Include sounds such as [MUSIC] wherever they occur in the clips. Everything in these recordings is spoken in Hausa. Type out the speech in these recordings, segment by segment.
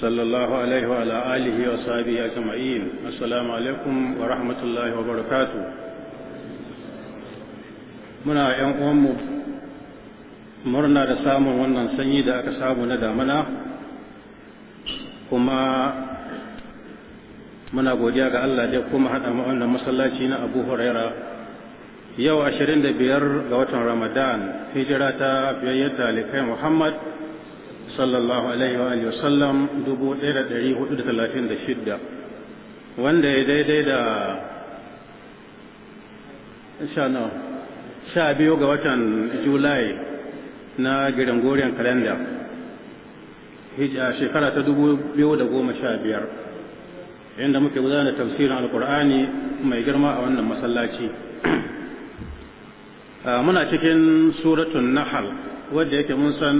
صلى الله عليه وعلى آله وصحبه أجمعين السلام عليكم ورحمة الله وبركاته muna ‘yan uwanmu murna da samun wannan sanyi da aka samu na damana kuma muna godiya ga Allah da kuma haɗa mu wannan masallaci na Abu Huraira yau ashirin da biyar ga watan Ramadan hijira ta biyayyar talikai Muhammad sallallahu alaihi wa alihi wasallam 1436 wanda ya daidai da sha biyu ga watan julai na girangoriyar kalenda a shekara ta 2015 inda muke gudanar da tafsirin alkur'ani mai girma a wannan masallaci ah, muna cikin suratun nahal wadda yake mun san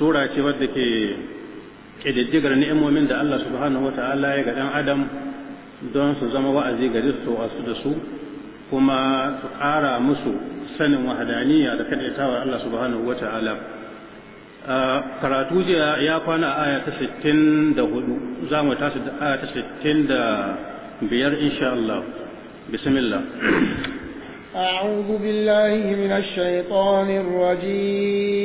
sura ce wadda ke ƙididdigar ni'imomin da Allah subhanahu wa ta'ala ya ga ɗan adam don su zama wa'azi gare su wasu da su kuma su ƙara musu sanin wahadaniya da kaɗaitawar Allah subhanahu wa ta'ala karatu jiya ya kwana a aya ta 64 za mu tashi da aya ta 65 insha Allah bismillah أعوذ بالله من الشيطان الرجيم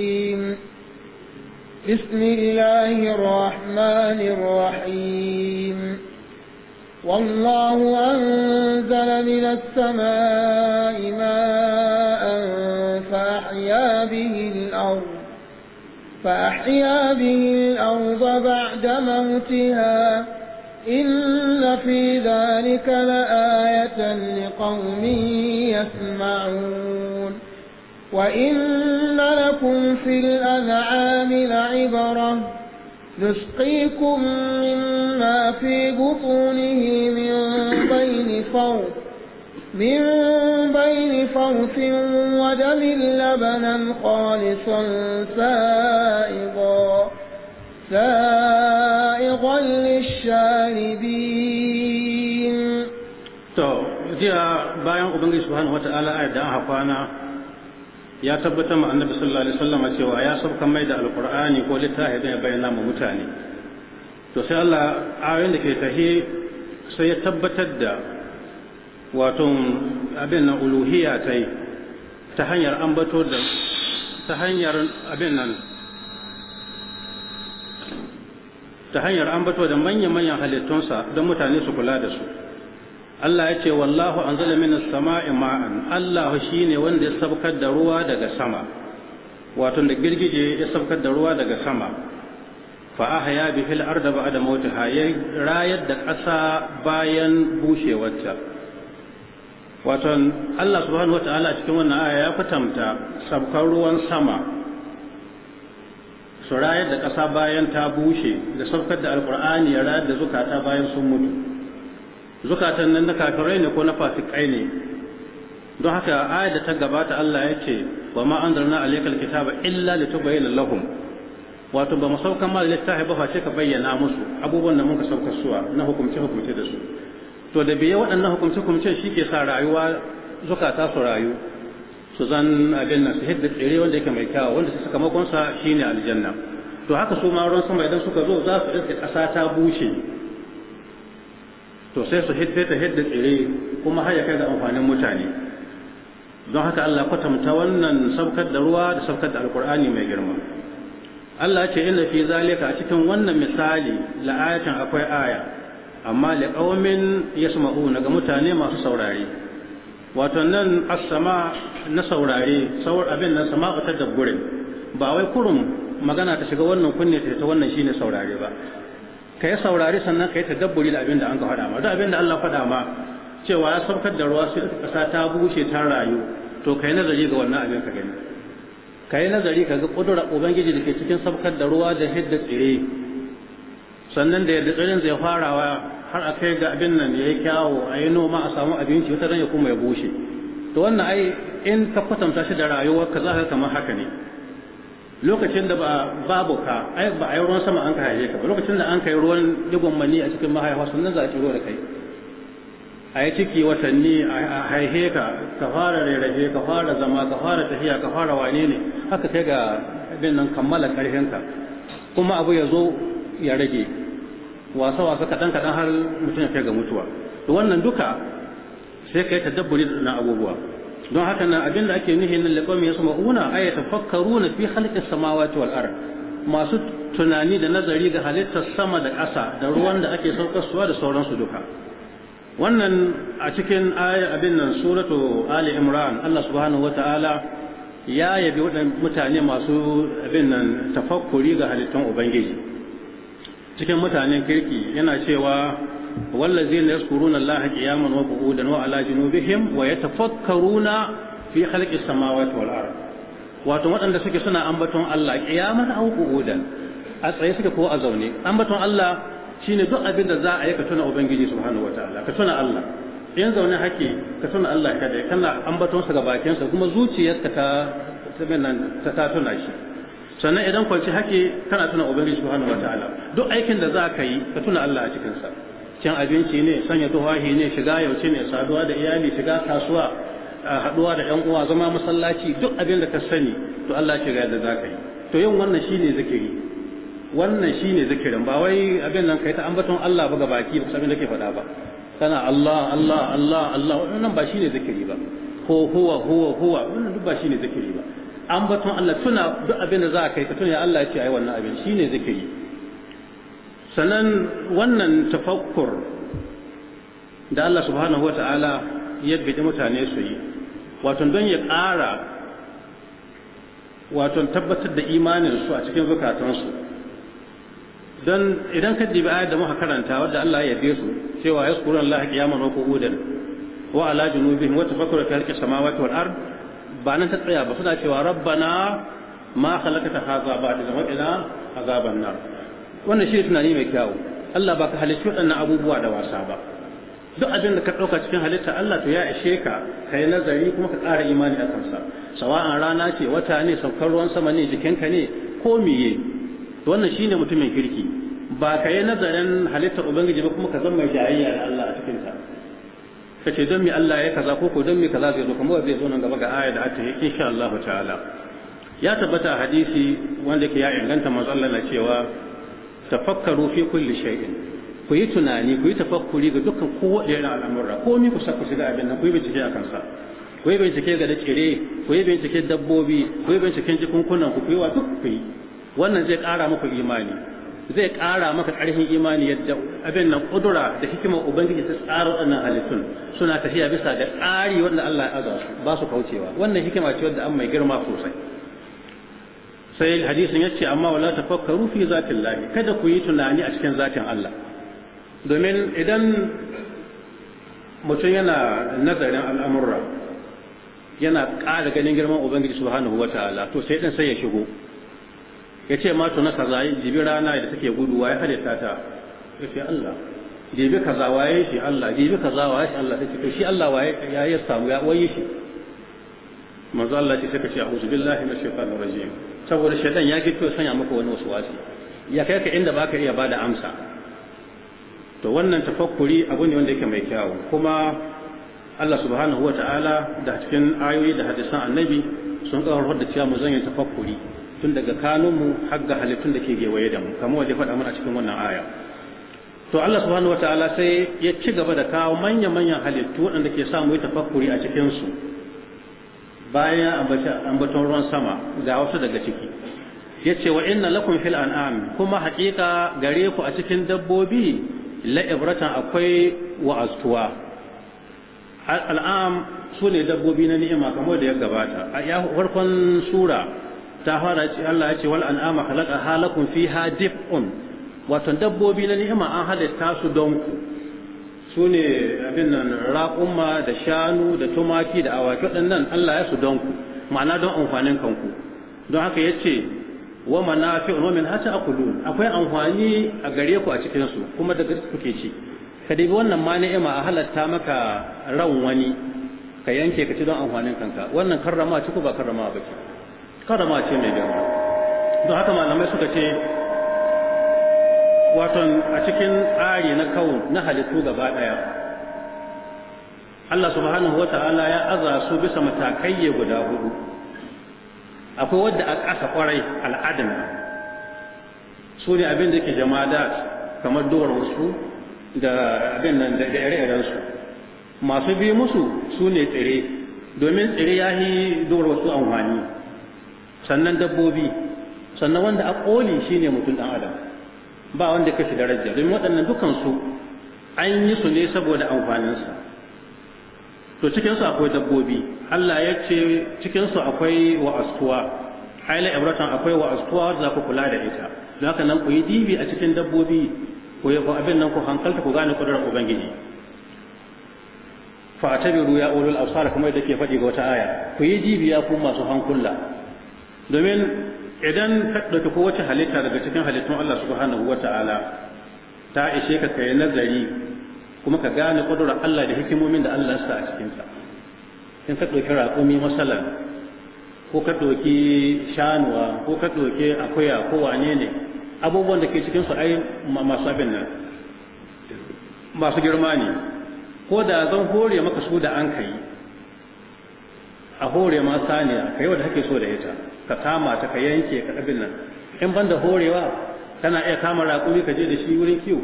بسم الله الرحمن الرحيم والله أنزل من السماء ماء فأحيا به الأرض فأحيا به الأرض بعد موتها إن في ذلك لآية لقوم يسمعون وإن لكم في الأنعام لعبرة نسقيكم مما في بطونه من بين فرث من بين فرث ودم لبنا خالصا سائغا سائغا للشاربين. تو جاء بيان وبنجي سبحانه وتعالى أعداء حقانا ya tabbatar ma annabi sallallahu alaihi wasallam cewa ya sauka mai da alqur'ani ko littafi da bayyana ma mutane to sai Allah ayoyin da ke tahi sai ya tabbatar da wato abin nan uluhiyya ta ta hanyar ambato da ta hanyar abin nan ta hanyar ambato da manyan manyan halittunsa don mutane su kula da su Allah ya ce wallahu anzala minas sama'i ma'an Allah shine wanda ya sabkar da ruwa daga sama wato da girgije ya sabkar da ruwa daga sama fa ahya bihi al-ardha ba'da mawtiha ya rayar da ƙasa bayan bushewarta wato Allah subhanahu wata'ala cikin wannan aya ya kwatanta sabkar ruwan sama su rayar da ƙasa bayan ta bushe da sabkar da alqur'ani ya rayar da zukata bayan sun mutu zukatan nan na kafirai ne ko na fasikai ne don haka ayat da ta gabata Allah ya ce wa ma anzalna alaykal kitaba illa litubayyana lahum wato ba masaukan ma ma littafi ba face ka bayyana musu abubuwan da muka saukar suwa na hukumce hukumce da su to da biye waɗannan hukumce hukumce shi ke sa rayuwa zukata su rayu su zan abin nan su hidda tsere wanda yake mai kyawu wanda sakamakonsa shine aljanna to haka su ma ruwan sama idan suka zo za su iske ƙasa ta bushe to sai su hidde ta hidda tsire kuma har ya kai ga amfanin mutane don haka Allah kwatanta wannan sabkar da ruwa da sabkar da alkur'ani mai girma Allah ce inna fi zalika a cikin wannan misali la'ayatin akwai aya amma li qaumin yasma'una ga mutane masu saurare wato nan as-sama na saurare saur abin nan sama'u ta dabbure ba wai kurum magana ta shiga wannan kunne ta wannan shine saurare ba ka yi saurari sannan ka yi tadabburi da abin da an ka faɗa ma da abin da Allah faɗa ma cewa ya saukar da ruwa sai ƙasa ta bushe ta rayu to ka yi nazari ga wannan abin ka gani ka yi nazari ka ga ƙudura ubangiji da ke cikin saukar da ruwa da hidda tsire sannan da yadda tsirin zai farawa har a kai ga abin nan ya yi kyawo a yi noma a samu abinci wata ran ya kuma ya bushe to wannan ai in ka kwatanta shi da rayuwar ka za ka kamar haka ne lokacin da babu ka ai ba ai ruwan sama an ka haife ka ba lokacin da an kai ruwan digon mani a cikin mahaifa sannan za a ciro da kai a yi ciki watanni a haife ka ka fara rarrafe ka fara zama ka fara tafiya ka fara wane ne haka kai ga abin nan kammala karfinka kuma abu ya zo ya rage wasa wasa kaɗan kaɗan har mutum ya kai ga mutuwa wannan duka sai ka yi tadabburi na abubuwa don haka nan abinda ake nuhi nan liqawm yasma'una ay tafakkaruna fi khalqis samawati wal ard masu tunani da nazari ga halittar sama da ƙasa da ruwan da ake saukarsuwa da sauransu duka wannan a cikin ayar abin nan suratu ali imran Allah subhanahu wata'ala ya yabi waɗannan mutane masu abin nan tafakkuri ga halittun ubangiji cikin mutanen kirki yana cewa والذين يذكرون الله قياما وقعودا وعلى جنوبهم ويتفكرون في خلق السماوات والأرض wato waɗanda suke suna ambaton Allah kiyaman aw qu'udan a tsaye suke ko a zaune ambaton Allah shine duk abin da za a yi ka tuna ubangiji subhanahu wataala ka tuna Allah in zaune hake ka tuna Allah kada kana ambaton sa ga bakin sa kuma zuciyarka ta ta ta tuna shi sannan idan kwanci hake kana tuna ubangiji subhanahu wataala duk aikin da za ka yi ka tuna Allah a cikin sa cin abinci ne sanya tufafi ne shiga yauce ne saduwa da iyali shiga kasuwa haduwa da yan uwa zama masallaci duk abin da ka sani to Allah ce ga yadda za yi to yin wannan shine zikiri wannan shine zikirin ba wai abin nan kai ta ambaton Allah ba ga baki ba sabin da ke faɗa ba kana Allah Allah Allah Allah wannan ba shine zikiri ba ko huwa huwa huwa wannan duk ba shine zikiri ba ambaton Allah tuna duk abin da za ka yi ka tuna Allah ya ce ai wannan abin shine zikiri sannan wannan tafakkur da Allah subhanahu wata'ala ya bidi mutane su yi wato don ya ƙara wato tabbatar da imaninsu a cikin zukatansu don idan ka dibi ayar da muka karanta wadda Allah ya yabe su cewa yaskurun Allah qiyaman wa qu'udan wa ala junubihim wa tafakkuru ta khalqis samawati wal ard ba nan ta tsaya ba suna cewa rabbana ma khalaqta hadha ba'da wa ila azaban nar wannan shi tunani mai kyawu Allah ba ka halicci waɗannan abubuwa da wasa ba duk abin da ka ɗauka cikin halitta Allah to ya ishe ka ka yi nazari kuma ka ƙara imani a kansa sawa'an rana ce wata ne saukar ruwan sama ne jikinka ne ko miye wannan shine mutumin kirki ba ka yi nazarin halittar ubangiji ba kuma ka zama mai jayayya da Allah a cikinta ka ce don me Allah ya kaza ko ko don me kaza zai zo kuma zai zo nan gaba ga aya da aka yi insha Allah ta'ala ya tabbata hadisi wanda ke ya inganta manzo Allah na cewa tafakkaru fi kulli shay'in ku yi tunani ku yi tafakkuri ga dukkan kowace irin al'amura komai ku saka shiga abin nan ku yi bincike a kansa ku yi bincike ga da cire ku yi bincike dabbobi ku yi binciken jikunkunan ku yi wa duk ku yi wannan zai ƙara muku imani zai ƙara maka ƙarfin imani yadda abin nan ƙudura da hikimar ubangiji ta tsara waɗannan halittun suna tafiya bisa da tsari wanda Allah ya aza su ba su kaucewa wannan hikima ce wadda an mai girma sosai sai hadisin ya ce amma wala tafakkaru fi zatin lahi kada ku yi tunani a cikin zatin Allah domin idan mutum yana nazarin al'amurra yana ƙara ganin girman ubangiji subhanahu wa ta'ala to sai ɗin sai ya shigo ya ce ma tuna kaza jibi rana da take guduwa ya halitta ta ya ce Allah jibi kaza waye shi Allah jibi kaza waye shi Allah sai to shi Allah waye ya ya samu ya waye shi manzo Allah ce sai ka ce a'udhu billahi minash shaitanir rajim saboda shaitan ya gito sanya maka wani wasu wasi ya kai ka inda baka iya bada amsa to wannan tafakkuri abu ne wanda yake mai kyawu kuma Allah subhanahu wa ta'ala da cikin ayoyi da hadisan annabi sun karfar da cewa mu zan yi tafakkuri tun daga kanunmu har ga halittun da ke gewaye da mu kamar ya faɗa mana cikin wannan aya to Allah subhanahu wa ta'ala sai ya ci gaba da kawo manya-manyan halittu waɗanda ke sa mu yi tafakkuri a cikinsu bayan ambaton ruwan sama ga wasu daga ciki yace wa inna lakum fil an'am kuma haƙiƙa gare ku a cikin dabbobi la ibratan akwai wa'astuwa al'am su ne dabbobi na ni'ima kamar da ya gabata a ya farkon sura ta fara ce Allah ya ce wal an'ama khalaqa halakum fiha dif'un wato dabbobi na ni'ima an halitta su don ku su ne abin nan raƙumma da shanu da tumaki da awaki waɗannan Allah ya su don ku ma'ana don amfanin kanku don haka ya ce wa mana fi min hata akulun akwai amfani a gare ku a cikinsu kuma daga kuke ci ka bi wannan ma ni'ima a halatta maka ran wani ka yanke ka ci don amfanin kanka wannan karrama ci ko ba karrama ba ce karrama ce mai girma don haka malamai suka ce waton a cikin tsari na kawo na halittu gaba ɗaya Allah subhanahu wa ta'ala ya aza su bisa matakaiye guda hudu akwai wadda a ƙasa kwarai al'adam su ne abin da ke jama'a kamar wasu, da abin nan da ire-irensu masu bi musu su ne tsire domin tsire ya yi wasu amfani sannan dabbobi sannan wanda a ƙoli shi mutum ɗan adam ba wanda ka kashi daraja domin waɗannan dukansu an yi su ne saboda amfaninsa to cikinsu akwai dabbobi Allah ya ce cikinsu akwai wa'astuwa haila ibratan akwai wa'astuwa wadda za ku kula da ita don haka nan ku yi dibi a cikin dabbobi ku yi abin nan ku hankalta ku gane kudurar ubangiji fa biru ya ulul absar kamar da ke faɗi ga wata aya ku yi dibi ya ku masu hankula domin idan ka ɗauki kowace halitta daga cikin halittun Allah subhanahu wa ta'ala ta ishe ka kai nazari kuma ka gane kudurar Allah da hikimomin da Allah sa a cikinsa in ka ɗauki raƙumi masalan ko ka ɗauki shanuwa ko ka ɗauki akuya ko wane ne abubuwan da ke cikin su ai masu abin nan masu girma ne ko da zan hore maka su da an kai a hore ma saniya ka yi kake so da ita ka kama ta ka yanke ka abin nan in banda horewa tana iya kama raƙumi ka je da shi wurin kiwo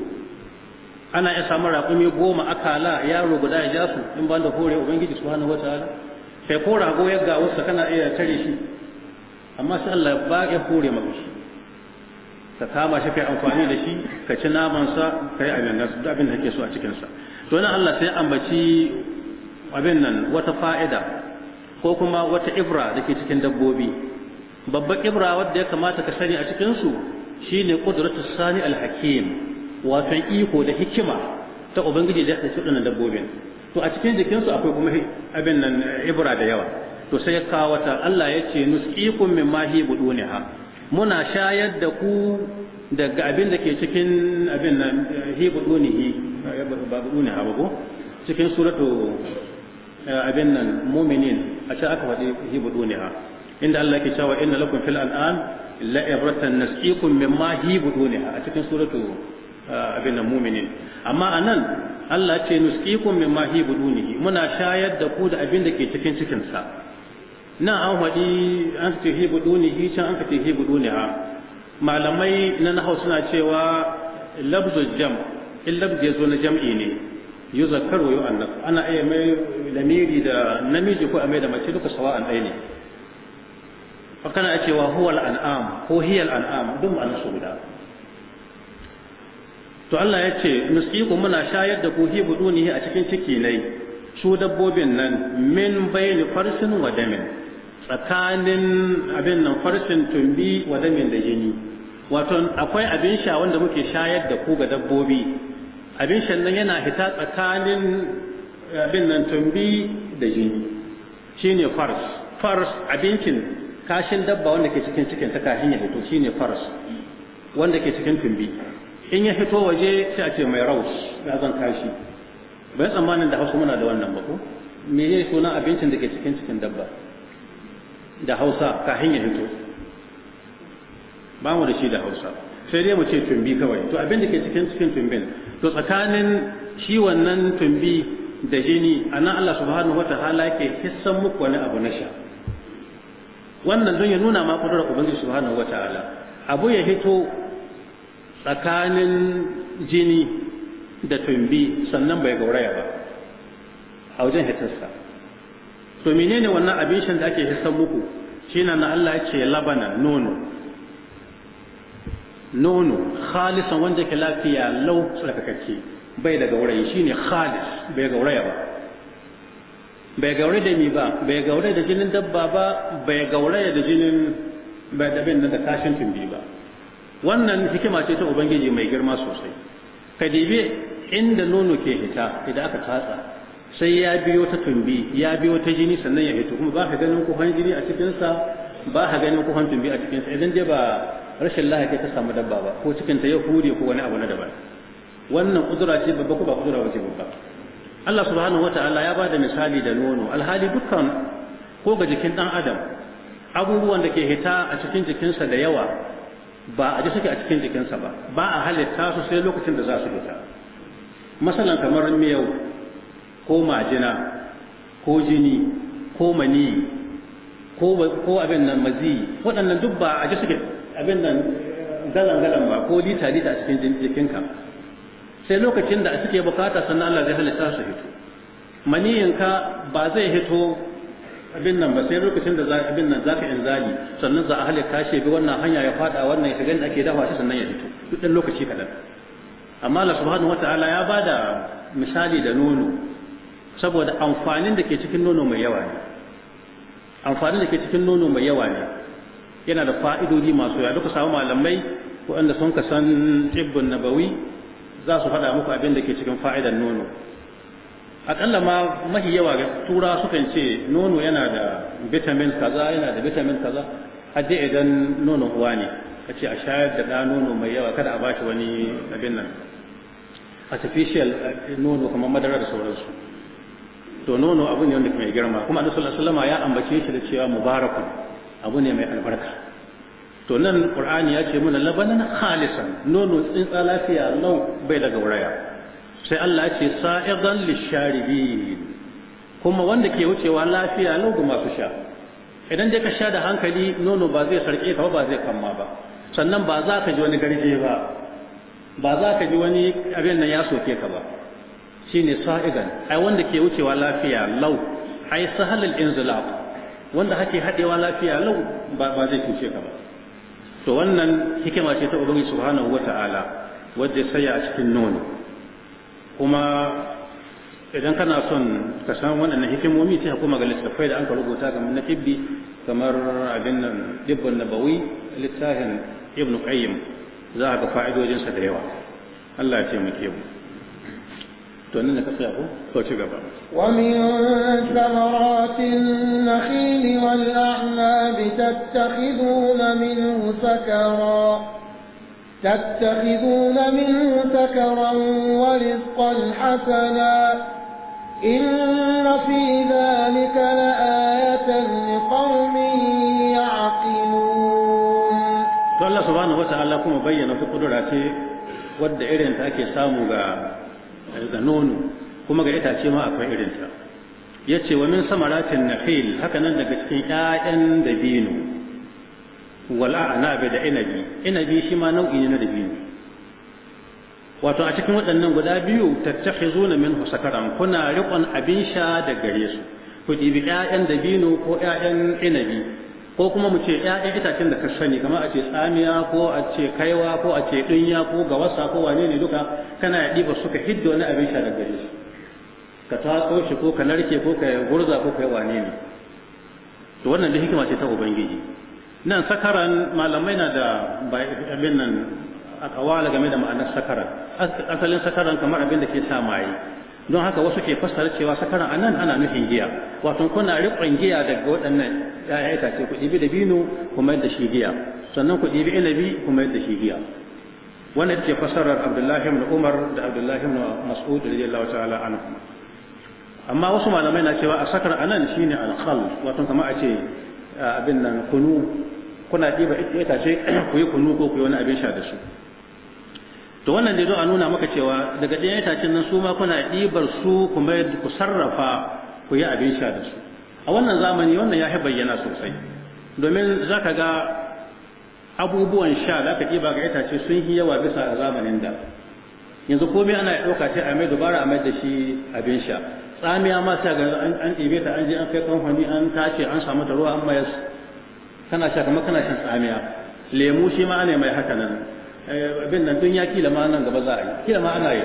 ana iya samun raƙumi goma akala yaro guda ya ja su in banda hore ubangiji subhanahu wataala sai ko rago ya ga wasu kana iya tare shi amma sai Allah ba ya hore maka shi ka kama shi kai amfani da shi ka ci naman sa kai abin nan duk abin da kake so a cikin sa to nan Allah sai ambaci abin nan wata fa'ida ko kuma wata ibra dake cikin dabbobi babban ibra wadda ya kamata ka sani a cikinsu shine qudratus sani alhakim wato iko da hikima ta ubangiji da ya tsaye waɗannan dabbobin to a cikin jikinsu akwai kuma abin nan ibra da yawa to sai ya kawo ta Allah ya ce nusqikum mimma hi budunha muna shayar da ku daga abin da ke cikin abin nan hi budunihi eh, ba budunha ba ko cikin suratu eh, abin nan mu'minin a can aka faɗi hi budunha inda Allah ke cewa inna lakum fil an'am la'ibratan nasqikum mimma hi budunha a cikin suratu uh, abin nan mu'minin amma anan Allah ce nusqikum mimma hi budunihi muna shayar da ku da abin da ke cikin cikin sa na an hadi an ce hi budunihi can an ce hi buduniha malamai na nahaw suna cewa labzul jam in labzi yazo na jam'i ne yuzakkar wa yu'annas ana iya mai lamiri da namiji ko a mai da mace duka sawa'an ɗaya ne fakana a cewa huwal an'am ko hiyal an'am duk ma'ana su guda to Allah ya ce nusqiku muna shayar da ku hi budunihi a cikin ciki nai su dabbobin nan min bayni farsin wa damin tsakanin abin nan farsin tumbi wa damin da jini wato akwai abin sha wanda muke shayar da ku ga dabbobi abin shan nan yana hita tsakanin eh, abin nan tumbi da jini shine fars fars abincin kashin dabba wanda ke cikin cikin ta kashin ya fito shine faras wanda ke cikin tumbi in ya fito waje sai a ce mai raus ya zan kashi bai tsammanin da hausa muna da wannan ba ko me ne suna abincin da ke cikin cikin dabba da hausa kashin ya fito ba mu da shi da hausa sai dai mu ce tumbi kawai to abin da ke cikin cikin tumbin to tsakanin shi wannan tumbi da jini anan Allah subhanahu wataala yake hissan muku wani abu na sha wannan don ya nuna ma kudurar ubangiji subhanahu ta'ala, abu ya hito tsakanin jini da tumbi sannan bai gauraya ba a wajen hitarsa to menene wannan abin shan da ake hisan muku shine na Allah ya ce labana nono nono khalisan wanda ke lafiya lau tsarkakakke bai da gaurayi shine khalis bai gauraya ba bai gaure da mi ba bai gaure da jinin dabba ba bai gaure da jinin bai dabin da kashin tumbi ba wannan hikima ce ta ubangiji mai girma sosai ka inda nono ke hita idan aka tatsa sai ya biyo ta tumbi ya biyo ta jini sannan ya hito kuma ba ka ganin kuhan jini a cikinsa ba ka ganin kuhan tumbi a cikinsa idan dai ba rashin ke ta samu dabba ba ko cikin ta ya hure ko wani abu na daban wannan kudura ce babba ko ba kudura wace babba Allah subhanahu wata'ala ya da misali da nono alhali dukkan ko ga jikin dan adam abubuwan da ke hita a cikin jikinsa da yawa ba a ji suke a cikin jikinsa ba ba a halitta su sai lokacin da za su fita masalan kamar miyau ko majina ko jini ko mani ko abin nan mazi waɗannan duk ba a ji suke abin nan galan galan ba ko lita lita a cikin jikinka sai lokacin da suke bukata sannan Allah zai halitta su hito maniyinka ba zai hito abin nan ba sai lokacin da abin nan zaka inzali sannan za a halitta shi bi wannan hanya ya fada wannan ya shiga ake dafa shi sannan ya hito duk dan lokaci kadan amma Allah subhanahu wataala ya bada misali da nono saboda amfanin da ke cikin nono mai yawa ne amfanin da ke cikin nono mai yawa ne yana da fa'idodi masu yawa duka samu malamai waɗanda sun ka san tibbun nabawi za su faɗa muku abin da ke cikin fa'idan nono akalla ma mahi yawa ga tura sukan ce nono yana da vitamin kaza yana da vitamin kaza hadde idan nono uwa ne ka ce a shayar da ɗa nono mai yawa kada a ba shi wani abin nan artificial eh, nono kamar madara da sauransu to nono abu ne wanda mai girma kuma annabi sallallahu ya ambace shi da cewa mubarakun abu ne mai albarka to nan qur'ani ya ce mana labanan khalisan nono tsintsa lafiya lau bai daga wuraya sai Allah ya ce sa'idan lisharibin kuma wanda ke wucewa lafiya lau ga masu sha idan dai ka sha da hankali nono ba zai sarke ka ba zai kamma ba sannan ba za ka ji wani garje ba ba za ka ji wani abin nan ya soke ka ba shine sa'igan ai wanda ke wucewa lafiya lau ai sahalul inzilaq wanda hake hadewa lafiya lau ba zai cuce ka ba to wannan hikima ce ta ubangiji subhanahu wata'ala wadda saya a cikin nono kuma idan kana son ka san waɗannan hikimomi sai kuma ga littattafai da an ka rubuta ga na tibbi kamar abin nan dibbin nabawi littafin Ibn qayyim za ka fa'idojinsa da yawa Allah ya taimake mu ومن ثمرات النخيل والأعناب تتخذون منه سكرا تتخذون منه سكرا ورزقا حسنا إن في ذلك لآية لقوم يعقلون فالله سبحانه وتعالى كما بيّن في قدراته wadda irin ta ساموا da nono kuma ga itace ma akwai irinta ya ce wa min samaratin nafil haka nan daga cikin ‘ya'yan dabino wala anabi da inabi inabi shi ma nau'i ne na dabino wato a cikin waɗannan guda biyu tattakhizuna min sakaran kuna riƙon abin sha da gare su ku ɗibi ‘ya'yan dabino ko ‘ya'yan inabi ko kuma mu ce ‘ya'yan itacen da ka sani kamar a ce tsamiya ko a ce kaiwa ko a ce ɗinya ko wasa ko wane ne duka kana ya ɗiba suka hiddo na abin shara da gare shi ka tatso shi ko ka narke ko ka gurza ko ka yi wane ne to wannan da hikima ce ta ubangiji nan sakaran malamai na da abin nan a kawala game da ma'anar sakaran asalin sakaran kamar abin da ke sa maye don haka wasu ke fassara cewa sakaran nan ana nufin giya wato kuna riƙon giya daga waɗannan ya'ya itace ku ɗibi dabino kuma yadda shi giya sannan ku ɗibi inabi kuma yadda shi giya wannan ke fassarar abdullahi ibn umar da abdullahi ibn mas'ud radiyallahu ta'ala anhu amma wasu malamai na cewa a sakar anan shine alkhal wato kamar a ce abin nan kunu kuna ɗiba itace ku yi kunu ko ku yi wani abin sha da su to wannan dai don a nuna maka cewa daga ɗayan itacen nan su ma kuna ɗibar su kuma ku sarrafa ku yi abin sha da su a wannan zamani wannan ya bayyana sosai domin za ka ga abubuwan sha da aka ɗiba ga itace sun yi yawa bisa a zamanin da yanzu komai ana ɗauka sai a mai dubara a mai da shi abin sha tsamiya ma sai ga an ɗibe ta an je an kai kamfani an tace an samu ta ruwa an mayar kana sha kamar kana shan tsamiya lemu shi ma ana mai haka nan Eh, abin nan dun ya kila ma nan gaba za a yi kila ma ana yi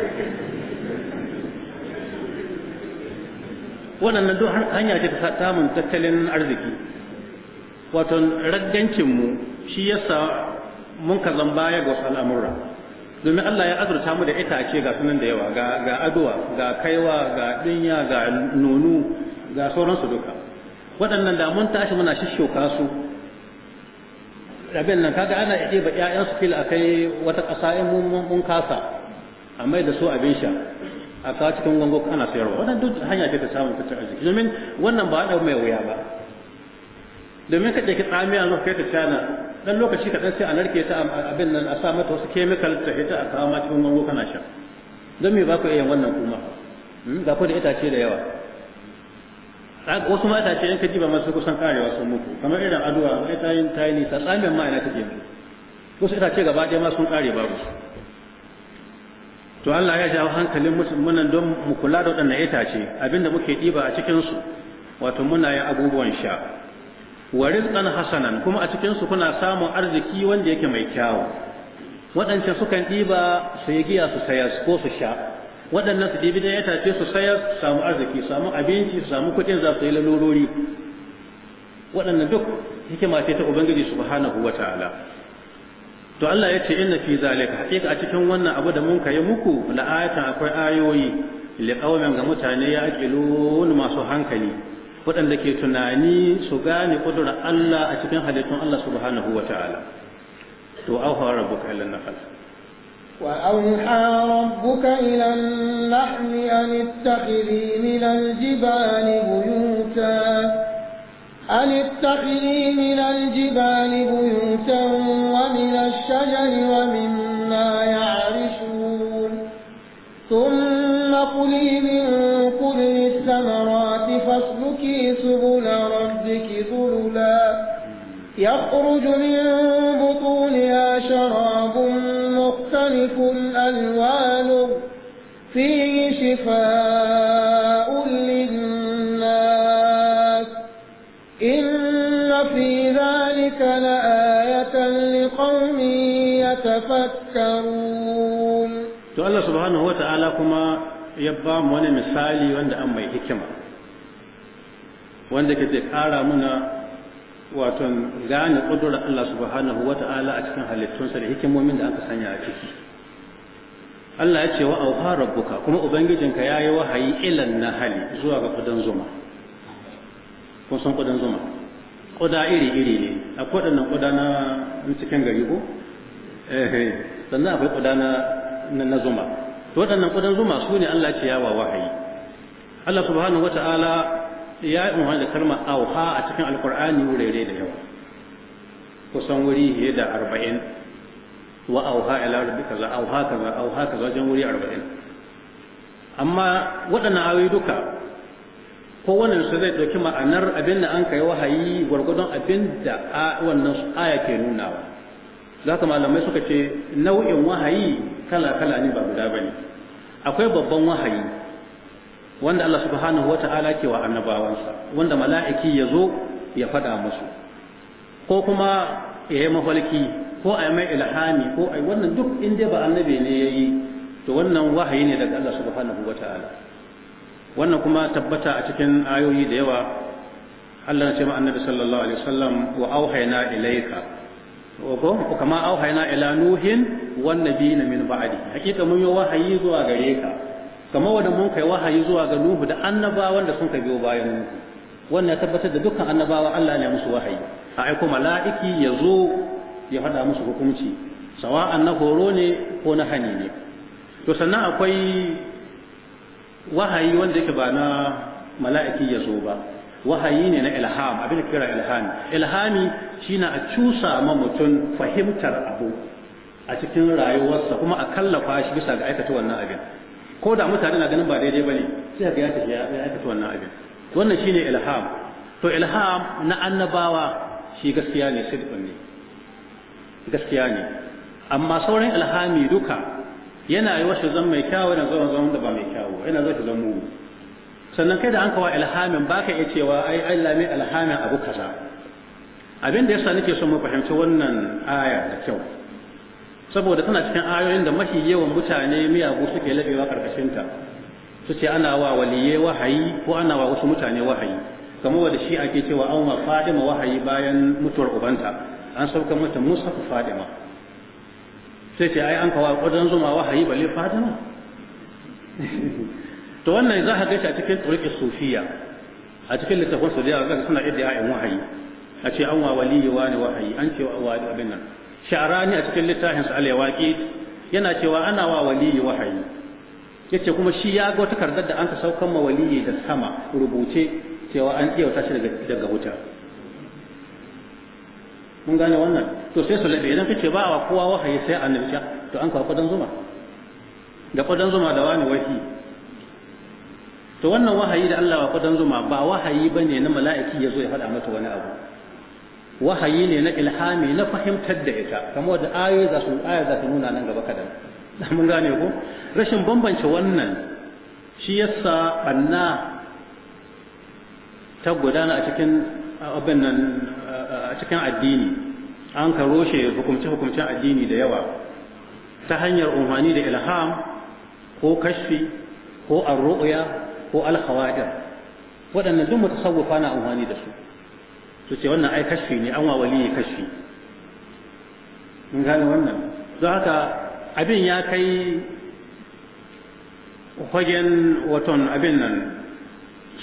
waɗannan duk hanya ce ta samun tattalin arziki wato raggancinmu shi yasa mun ka zan baya ga wasu al'amura domin Allah ya azurta mu da itace ga sunan da yawa ga ga aduwa, ga kaiwa ga dunya ga nunu ga sauransu duka waɗannan da mun tashi muna shishshoka su abin nan kaga ana iya ba ƴaƴan su fil akai wata ƙasa in mun kasa amma da su abin sha a kawo cikin gongo ana sayarwa wannan duk hanya ce ta samun ta cin arziki domin wannan ba ana mai wuya ba domin ka ɗauki tsamiya na kai ta cana ɗan lokaci kaɗan sai a narke ta abin nan a sa mata wasu kemikal ta hita a kawo ma cikin gongo kana sha don me ba ku iya wannan kuma ga hmm, ku da itace da yawa wasu mata ce in ka ji ba masu kusan karewa sun mutu kamar irin aduwa ai ta yin nisa tsamin ma ina take mutu wasu ita ce gaba ɗaya ma sun kare babu to Allah ya jawo hankalin munan don mu kula da waɗannan itace abinda muke ɗiba a cikin su wato muna yin abubuwan sha wa rizqan hasanan kuma a cikin su kuna samun arziki wanda yake mai kyawu waɗancan sukan ɗiba su yi giya su saya ko su sha waɗannan su ɗibi ya tafe su sayar su samu arziki su samu abinci su samu kuɗin za su yi lalurori waɗannan duk hikima ce ta ubangiji subhanahu wa ta'ala to Allah ya ce inna fi zalika hakika a cikin wannan abu da mun kai muku la akwai ayoyi li ga mutane ya aqilun masu hankali waɗanda ke tunani su gane kudurar Allah a cikin halittun Allah subhanahu wa ta'ala to auha rabbuka ilan nafal وأوحى ربك إلى النحل أن اتخذي من الجبال بيوتا أن اتخذي من الجبال بيوتا ومن الشجر ومما يعرشون ثم قلي من كل الثمرات فاسلكي سبل ربك ذللا يخرج من بطونها شراب مختلف ألوانه فيه شفاء للناس إن في ذلك لآية لقوم يتفكرون تو الله سبحانه وتعالى كما يبقى من مثالي وعند أمي حكمة وعندك ke ƙara waton gane ƙudurar Allah subhanahu wa ta'ala a cikin halittunsa da hikimomin da aka sanya a ciki Allah ya ce wa auha rabbuka kuma ubangijinka ya yi wahayi ilan na hali zuwa ga ƙudan zuma kun san ƙudan zuma ƙuda iri iri ne akwai waɗannan ƙuda na cikin gari ko sannan akwai ƙuda na zuma waɗannan ƙudan zuma su ne Allah ce yawa wahayi Allah subhanahu wa ta'ala ya umar da kalmar auha a cikin alkur'ani wurare da yawa kusan wuri fiye da arba'in wa auha ila rabbi kaza auha kaza auha kaza wajen wuri arba'in amma waɗannan awi duka kowannen su zai ɗauki ma'anar abin da an kai wahayi gwargwadon abin da wannan aya ke nunawa za ka malamai suka ce nau'in wahayi kala kala ne ba guda ba ne akwai babban wahayi wanda Allah subhanahu wata'ala ke wa annabawansa wanda mala'iki ya zo ya faɗa musu ko kuma ya yi mafalki ko a yi mai ilhami ko a wannan duk in dai ba annabi ne ya yi to wannan wahayi ne daga Allah subhanahu wata'ala wannan kuma tabbata a cikin ayoyi da yawa Allah ya ce ma annabi sallallahu alaihi wasallam wa auhayna ilayka ko kama auhayna ila nuhin wan nabiyina min ba'di hakika mun yi wahayi zuwa gare ka kamar wanda mun kai wahayi zuwa ga Nuhu da annabawan da sun ka biyo bayan Nuhu wannan ya tabbatar da dukkan annabawa Allah ne musu wahayi a aiko mala'iki ya zo ya faɗa musu hukunci sawa'an na horo ne ko na hani ne to sannan akwai wahayi wanda yake ba na mala'iki ya zo ba wahayi ne na ilham abin da kira ilhami ilhami shine a cusa ma mutum fahimtar abu a cikin rayuwarsa kuma a kallafa shi bisa ga aikata wannan abin ko da mutane na ganin ba daidai bane sai ga ya tafi ya aikata wannan abin wannan shine ilham to ilham na annabawa shi gaskiya ne sidqun ne gaskiya ne amma sauran ilhami duka yana yi washe zan mai kyawu yana zuwa zan da ba mai kyawu yana zuwa zan mu sannan kai da an kawo ilhamin ba ka iya cewa ai Allah mai ilhamin abu kaza abin da yasa nake son mu fahimci wannan aya da kyau saboda tana cikin ayoyin da mafi yawan mutane miyagu suke labewa karkashinta su ce ana wa waliye wahayi ko ana wa wasu mutane wahayi kamar wadda shi ake cewa an wa fadima wahayi bayan mutuwar ubanta an sauka mata musafu fadima sai ce ai an kawo ƙudan zuma wahayi balle fadima [LAUGHS] to wannan za ka gaishe a cikin turki sufiya a cikin littafin su da suna idda ayin wahayi a ce an wa waliye wani wahayi an ce wa abin nan sha'arani a cikin littafin sa al yana cewa ana wa waliyi wahayi yace kuma shi ya ga wata kardar da an ka saukan ma waliyi da sama rubuce cewa an wata shi daga daga wuta mun gane wannan to sai su laɓe idan kace ba wa kowa wahayi sai annabi to an kawo kudan zuma da kudan zuma da wani wahi to wannan wahayi da Allah wa kudan zuma ba wahayi bane na mala'iki yazo ya faɗa mata wani abu wahayi ne na ilhami na fahimtar da ita kamar da ayoyi za su aya za su nuna nan gaba kada [LAUGHS] mun gane ko rashin bambance wannan shi yasa banna ta gudana a cikin abin nan a cikin addini an ka roshe hukumce hukumcen addini da yawa ta hanyar umarni da ilham ko kashfi ko arru'ya ko alhawadir waɗannan duk mutasawwifa na umarni da su su ce wannan ai kashi ne an wa ne kashi mun gane wannan don haka abin ya kai fagen waton abin nan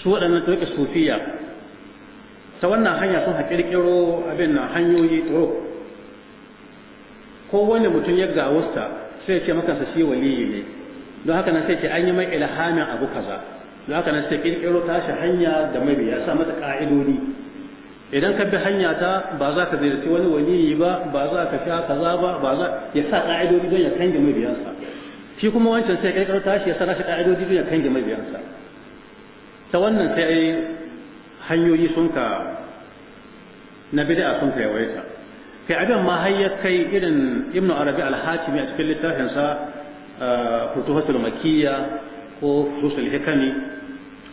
su waɗannan turki sufiya ta wannan hanya sun haƙirƙiro abin nan hanyoyi tsoro ko wani mutum ya gawusta sai ce makansa shi waliyi ne don haka nan sai ce an yi mai ilhamin abu kaza don haka nan sai ƙirƙiro tashi hanya da mabiya sa mata ƙa'idodi idan ka bi hanya ta ba za ka ziyarci wani waliyi ba ba za ka sha za ba ba za ya sa ka'idodi don ya kange mabiyansa shi kuma wancan sai kirkar tashi ya sa shi ka'idodi don ya kange mabiyansa ta wannan sai ai hanyoyi sun ka na bid'a sun ka yawaita kai abin ma har ya kai irin ibn arabi al-hatimi a cikin littafinsa ah, futuhatul makiyya ko fusul hikami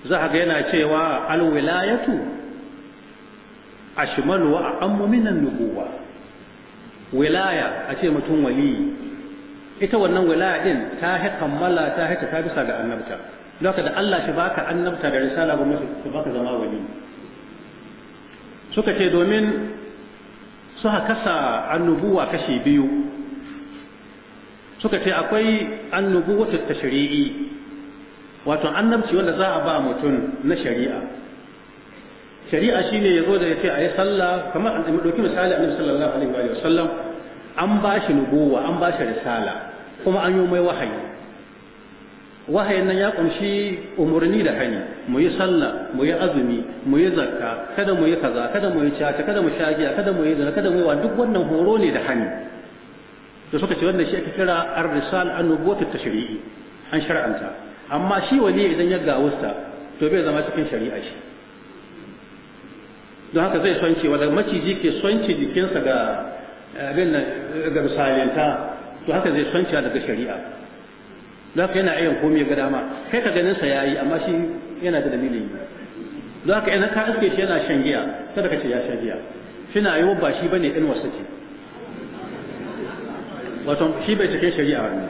za ka ga yana cewa al-wilayatu ashmalu wa a'ammu minan nubuwa wilaya a ce mutum wali ita wannan wilaya din ta hi kammala ta hi ta bisa ga annabta lokacin da Allah shi baka annabta da risala ba musu baka zama wali suka ce domin suka kasa annubuwa kashi biyu suka ce akwai ta shari'i wato annabci wanda za a ba mutum na shari'a shari'a shine yazo da yace ayi sallah kamar an dauki misali annabi sallallahu alaihi wa sallam an ba shi nubuwa an ba shi risala kuma an yi mai wahayi wahayin nan ya kunshi umurni da hani mu yi sallah mu yi azumi mu yi zakka kada mu yi kaza kada mu yi caca kada mu shagiya kada mu yi zina kada mu yi wa duk wannan horo ne da hani da suka ce wannan shi ake kira ar-risal an-nubuwatu tashri'i an shar'anta amma shi wali idan ya gawusta to bai zama cikin shari'a shi don haka zai sonce wanda maciji ke sonce jikinsa ga abin ga misalinta to haka zai sonce daga shari'a don haka yana ayyan komai ga dama kai ka ganinsa ya yi amma shi yana da dalilin don haka idan ka aske shi yana shan giya kada ka ce ya shan giya shi na yi ba shi bane in wasu ce wato shi bai cikin shari'a ne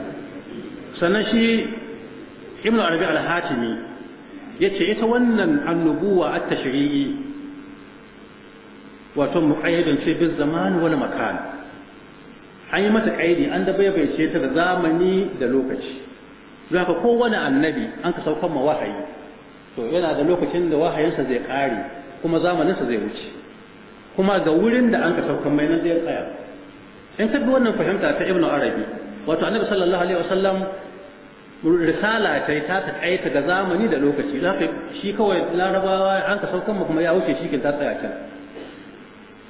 sannan shi ibnu arabi al-hatimi yace ita wannan annubuwa at-tashri'i wato muqayyadun ce bi zaman wala makan an yi mata kaidi an da ce ta da zamani da lokaci zaka kowane annabi an ka saukan ma wahayi to yana da lokacin da wahayinsa zai kare kuma zamaninsa zai wuce kuma ga wurin da an ka saukan mai nan zai tsaya in ka bi wannan fahimta ta ibnu arabi wato annabi sallallahu alaihi wasallam risala ta ta taƙaita ga zamani da lokaci zaka shi kawai larabawa an ka mu kuma ya wuce shi kin ta tsaya can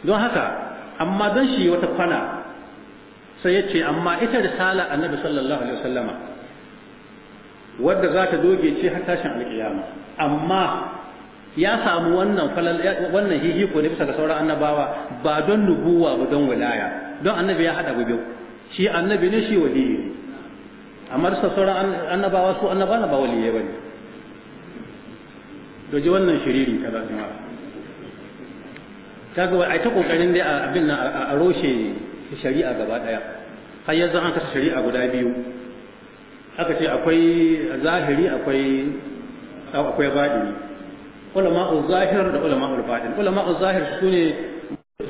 don haka amma don shi wata kwana sai ya ce amma ita risala annabi sallallahu alaihi wasallama wadda za ta doge ce har tashin alkiyama amma ya samu wannan falal wannan hihiko ne bisa ga sauran annabawa ba don nubuwa ba don wilaya don annabi ya hada gobe shi annabi ne shi waliyi amma da sauran annabawa su annaba na ba waliye bane doji wannan shiriri kaza jama'a kaga wai ta kokarin dai a abin nan a roshe shari'a gaba daya har yanzu an kasa shari'a guda biyu aka ce akwai zahiri akwai akwai batini ulama zahir da ulama batin ulama zahir ne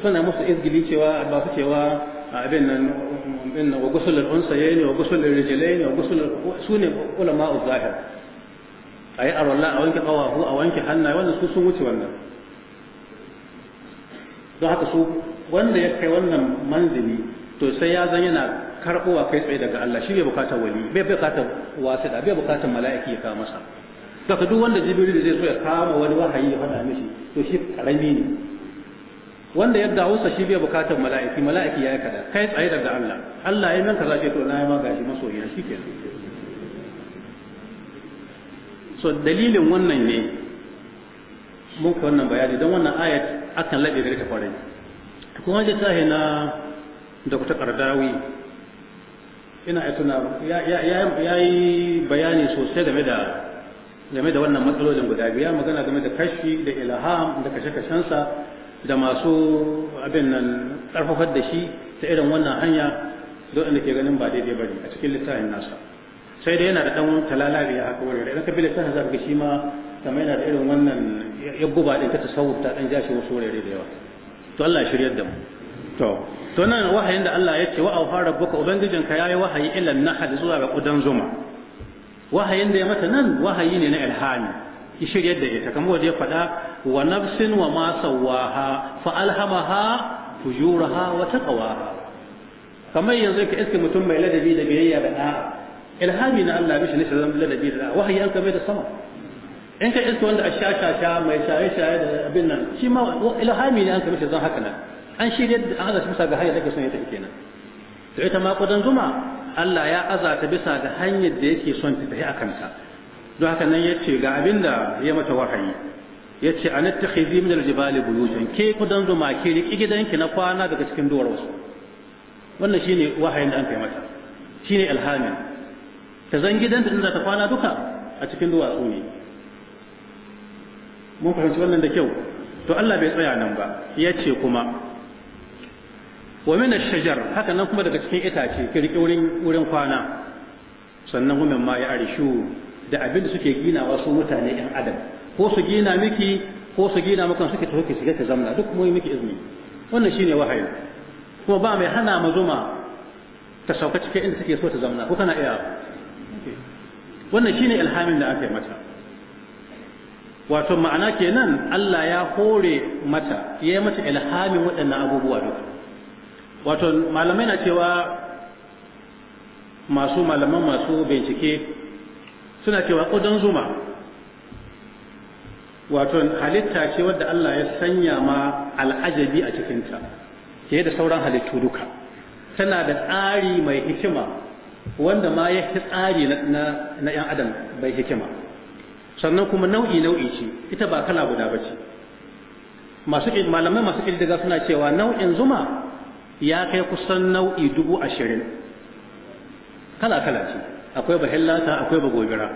suna musu izgili cewa ba su cewa abin nan abin nan wa gusul al-unsayayn wa gusul al-rijlayn wa gusul sune ulama zahir yi arwalla a wanke kawafu a wanke hannaye wannan su sun wuce wannan don haka su wanda ya kai wannan manzili to sai ya zan yana karɓowa kai tsaye daga Allah shi bai bukatar wali bai bukatar wasida bai bukatar mala'iki ya kawo masa daga duk wanda jibril zai so ya kama wani wahayi ya faɗa mishi to shi karami ne wanda ya dawo sa shi bai bukatar mala'iki mala'iki ya kada kai tsaye daga Allah Allah ya nan kaza ce to na yi ma gashi shi ke so dalilin wannan ne mun wannan bayani don wannan ayat akan laɓe gare ta kwarai kuma wajen tahi na da kuta kardawi ina ya tuna ya yi bayani sosai game da game da wannan matsalolin guda biya magana game da kashi da ilham da kashe-kashensa da masu abin nan ƙarfafar da shi ta irin wannan hanya don inda ke ganin ba daidai bari a cikin littafin nasa sai dai yana da ɗan talalari a haka wani idan ka bi littafin za shi ma kamar yana da irin wannan ya guba din ta tasawuf ta dan jashi wasu rere da yawa to Allah ya shiryar da mu to to nan wahayin da Allah ya ce wa auha rabbuka ubangijinka yayi wahayi ilan nahal zuwa ga kudan zuma wahayin da ya mata nan wahayi ne na ilhami ki shiryar da ita kamar ya faɗa wa nafsin wa ma sawaha fa alhamaha fujuraha wa taqwaha kamar yanzu ka iske mutum mai ladabi da biyayya da da'a ilhami na Allah bishi ne shi zama ladabi da da'a wahayi an kame da sama in ka iska wanda a shashasha mai shaye-shaye da abin nan shi ma ilhami ne an kamishe zan haka nan an shirya da an azaci bisa ga hanyar da ke son ya tafi kenan to ita ma kudan zuma Allah ya azata bisa ga hanyar da yake son ta tafi a kanta don haka nan ya ce ga abin da ya mata wahayi ya ce an tattakhizi min aljibali buyutan ke kudan zuma ke riki gidanki na kwana daga cikin duwar wasu wannan shine wahayin da an kai mata shine ilhamin ta zan gidanta inda ta kwana duka a cikin duwatsu ne mun fahimci wannan da kyau to Allah bai tsaya nan ba ya ce kuma wa min ash-shajar haka nan kuma daga cikin itace kirki riƙe wurin kwana sannan wumin ma ya arishu da abin da suke gina wasu mutane yan adam ko su gina miki ko su gina maka suke tafi ki shiga ka zamna duk mu yi miki izini wannan shine wahayi kuma ba mai hana mazuma ta sauka cikin inda suke so ta zamna ko kana iya wannan shine ilhamin da aka yi mata wato ma'ana kenan Allah ya hore mata ya yi mata ilhamin waɗannan abubuwa duka wato malamai na cewa masu malaman masu bincike suna cewa ƙudan zuma wato halitta ce wadda Allah ya sanya ma al'ajabi a cikinta ke da sauran halittu duka tana da tsari mai hikima wanda ma ya fi tsari na 'yan adam bai hikima sannan kuma nau'i nau'i ce ita ba kala guda ba ce masu malamai masu daga suna cewa nau'in zuma ya kai kusan nau'i dubu ashirin kala kala ce akwai ba hillata akwai ba gobira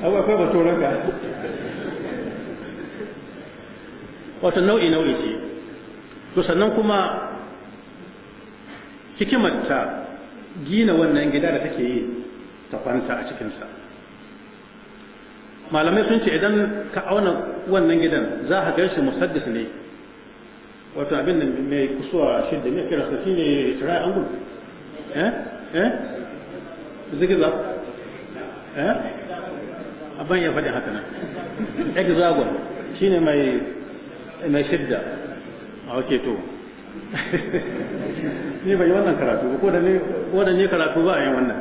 akwai ba turanka Wata nau'i nau'i ce to sannan kuma hikimarta gina wannan gida da take yi ta kwanta a cikinsa malamai sun ce idan ka auna wannan gidan za ka gaishe musaddis ne wato abin da mai kusuwa shidda ne kira sa shine tirai angul eh eh zigzag eh abin ya faɗi haka nan hexagon shi mai mai shidda a wake to ni bai wannan karatu ba ko da ne ko da ni karatu ba a yin wannan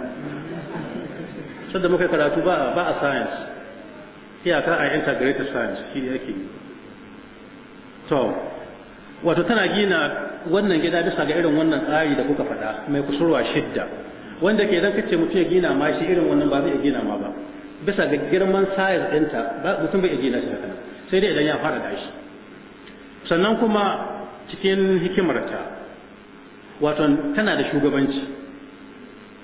sadda muka karatu ba ba a science iyaka a integrated science shi yake yi to wato tana gina wannan gida bisa ga irin wannan tsari da kuka faɗa mai kusurwa shidda wanda ke zan kace mutum ya gina ma shi irin wannan ba zai gina ma ba bisa ga girman size ɗinta mutum bai gina shi da sai dai idan ya fara da shi sannan kuma cikin hikimarta wato tana da shugabanci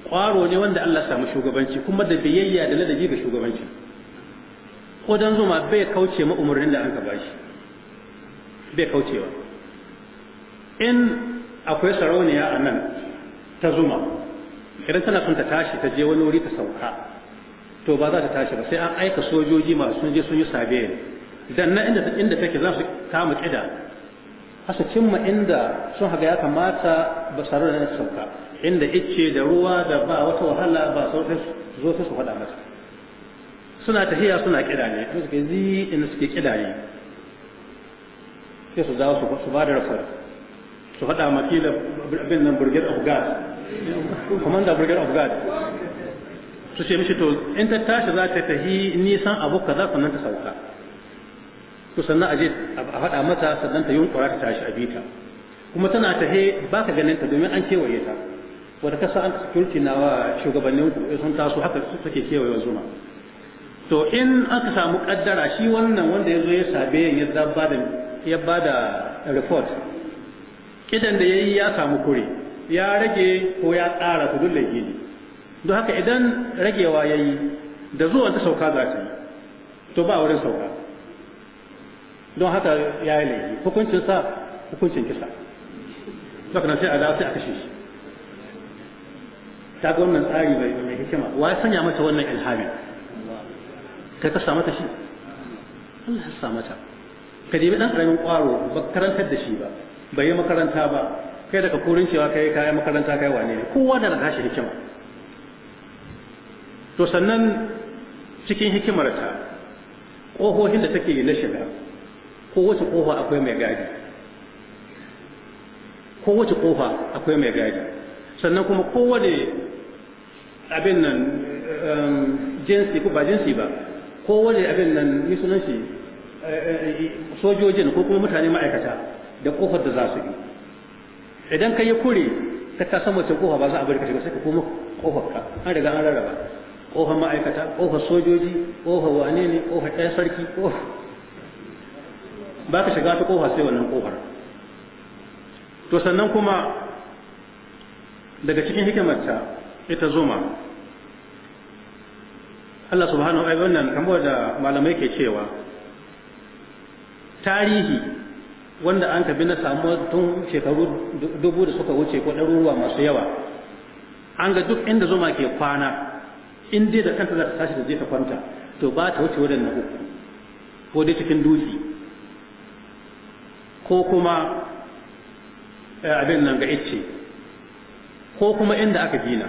ƙwaro ne wanda Allah samu shugabanci kuma da biyayya da ladabi ga shugabanci ko dan zuma bai kauce ma umarnin da an bashi bai kaucewa in akwai sarauniya a nan ta zuma idan tana son ta tashi ta je wani wuri ta sauka to ba za ta tashi ba sai an aika sojoji masu sun je sun yi sabe dan nan inda inda take za su kama kida asa cimma inda sun haga ya kamata ba saru da sauka inda icce da ruwa da ba wata wahala ba sau zo ta su faɗa masa suna tahiya suna kidane su suke zi inda suke kidane sai su dawo su ba da rafar su faɗa ma kila abin nan burger of guard commander burger of God, su ce mishi to in ta tashi za ta tahi nisan abu kaza sannan ta sauka to sannan a je a faɗa mata sannan ta yunkura ta tashi a bita kuma tana ta he ba ka ganin ta domin an kewaye ta wata kasa an security na wa shugabannin sun taso haka ke kewaye zuma to in aka samu kaddara shi wannan wanda ya zo ya sabe ya ba da ya ba da report kidan da yayi ya samu kure ya rage ko ya tsara su dole gini don haka idan ragewa yayi da zuwan ta sauka za ta yi to ba wurin sauka don haka ya yi laifi hukuncin sa hukuncin kisa saka nan sai a dawo sai a kashe shi ta ga wannan tsari bai mai hikima wa ya sanya mata wannan ilhamin kai ka sa mata shi Allah ya sa mata ka dibi dan karamin kwaro ba karantar da shi ba bai yi makaranta ba kai daga kurin cewa kai kayan makaranta kai wane ne kowa da shi hikima to sannan cikin hikimar ta, ƙofofin da take na shiga wace kofa akwai mai gadi wace kofa akwai mai gadi sannan kuma kowane abin nan um, jinsi ko ba jinsi ba kowane abin nan misunan shi eh, eh, sojojin ko kuma mutane ma'aikata da kofar da za su yi idan ka yi kure ta ka san wace kofa ba za a bari ka shiga sai ka koma kofar ka an riga an rarraba kofar ma'aikata kofar sojoji kofar wane ne kofar ɗaya sarki kofar ba ka shiga ta kofa sai wannan kofar to sannan kuma daga cikin hikimarta ita zuma Allah subhanahu wa wannan kamar da malamai ke cewa tarihi wanda an kabi na samu tun shekaru dubu da suka wuce ko ɗaruruwa masu yawa an ga duk inda zuma ke kwana in dai da kanta za ta tashi da je ta kwanta to ba ta wuce waɗannan uku ko dai cikin duki. ko kuma eh, abin nan ga icce ko kuma inda aka gina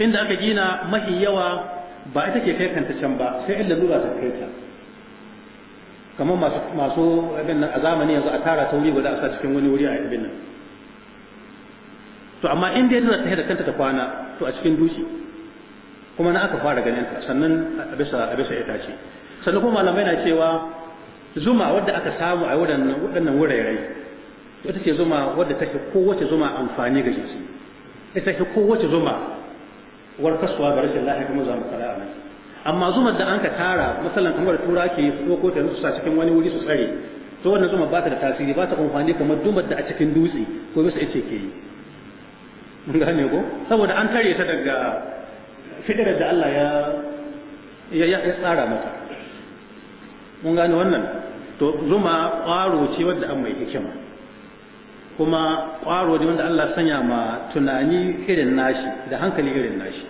inda aka gina mahi yawa ba ita ke kai kanta can ba sai illa lura ta kai ta kamar masu abin nan a zamani yanzu a tara ta wuri guda a sa cikin wani wuri a abin nan to amma in dai tana ta da kanta ta kwana to a cikin dushi kuma na aka fara ganin ta sannan a bisa ita ce itace sannan kuma malamai na cewa zuma wadda aka samu a waɗannan wurare ita ce zuma wadda ta take kowace zuma amfani ga jiki ita take kowace zuma warkaswa ga rashin lafiya kuma za mu fara a nan amma zuma da an ka tara masalan kamar tura ke ko ta su sa cikin wani wuri su tsare to wannan zuma ba ta da tasiri ba ta amfani kamar dumar da a cikin dutse ko bisa ce ke yi gane ko saboda an tare ta daga fidirar da Allah ya ya tsara mata mun gane wannan to zuma ƙwaro ce wadda an mai hikima kuma ƙwaro ne wanda Allah sanya ma tunani irin nashi da hankali irin nashi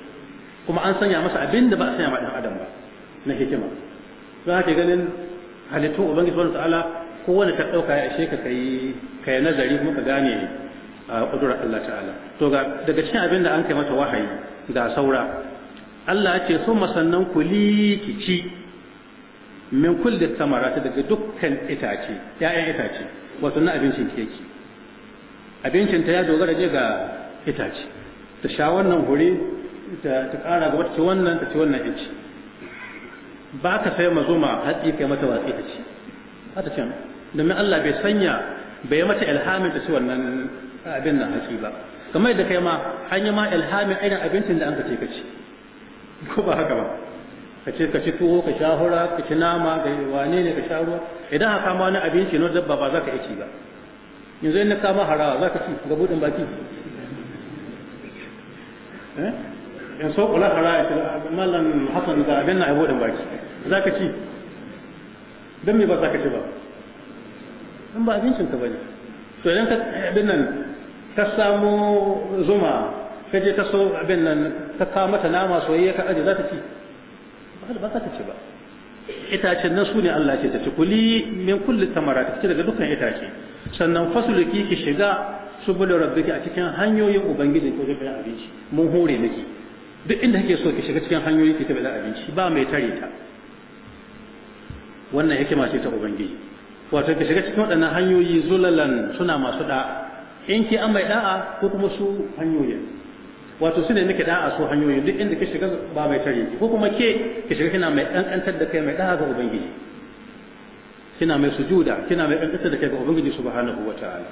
kuma an sanya masa abin da ba a sanya ma ɗan adam ba na hikima don haka ganin halittun ubangiji wani ta'ala wanda ta ɗauka ya ashe ka kai nazari kuma ka gane a Allah ta'ala to ga daga cikin abin da an kai mata wahayi ga saura Allah ya ce sun masannan ku likici. min kulli samarata daga dukkan itace ya'yan itace wato na abincin keke. abincin ta ya dogara je ga itace ta sha wannan hure ta ƙara ga wata wannan ta ci wannan inci ba ka sai mazuma hatsi kai mata watsi ta ci hata can domin Allah bai sanya bai mata ilhamin ta ci wannan abin nan hatsi ba kamar da kai ma an yi ma ilhamin irin abincin da an ka ce ka ci ko ba haka ba ka ce ka ci tuwo ka sha hura ka ci nama ka wane ne ka sha ruwa idan haka ma wani abinci na dabba ba za ka yi ci ba yanzu in kama harawa za ka ci ga budin baki eh? in so kula harawa ta mallan hasan ga abin na a budin baki za ka ci don me ba za ka ci ba in ba abincin ba ne to idan ka abin nan ka samu zuma ka je ka so abin nan ka kama ta nama soyayya ka aje za ta ci ba za ta ci ba itacen nan su ne Allah ce ta ci kuli min kulli tamara ta ci daga dukkan itace sannan fasuluki ki shiga subul rabbiki a cikin hanyoyin ubangiji ko jin abinci mun hore miki duk inda kake so ki shiga cikin hanyoyin ki tabbata abinci ba mai tare ta wannan yake mace ta ubangiji wato ki shiga cikin waɗannan hanyoyi zulalan suna masu da in ki amai da'a ko kuma su hanyoyin wato su ne muke da a so hanyoyi duk inda ka shiga ba mai tare ko kuma ke ki shiga kina mai kankantar da kai mai da ga ubangiji kina mai sujuda kina mai kankantar da kai ga ubangiji subhanahu wataala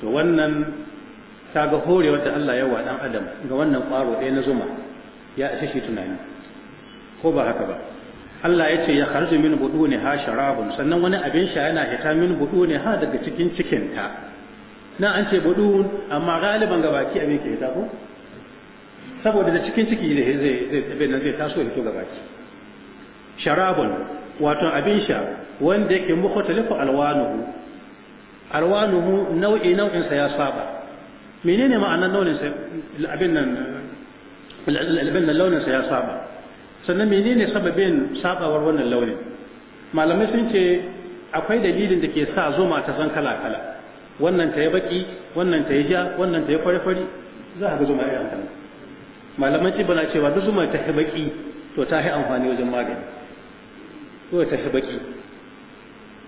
to wannan ta ga horewar da Allah ya wa dan adam ga wannan kwaro ɗaya na zuma ya ishe shi tunani ko ba haka ba Allah ya ce ya kharju min ne ha sharabun sannan wani abin sha yana hita min ne ha daga cikin cikinta Na an ce budun amma galiban ga baki abin ke ta ko saboda da cikin ciki zai zai zai zai taso ya fito ga baki sharabun wato abin sha wanda yake mukhtalifu alwanuhu alwanuhu nau'i nau'in sa ya saba menene ma'anar launin sa abin nan abin nan launin sa ya saba sannan menene sababin sabawar wannan launin malamai sun ce akwai dalilin da ke sa zuma ta san kala kala wannan ta yi baki wannan ta yi ja wannan ta yi fari-fari za a ga zuma irin haka malaman ci bana cewa duk zuma ta yi baki to ta yi amfani wajen magani ko ta yi baki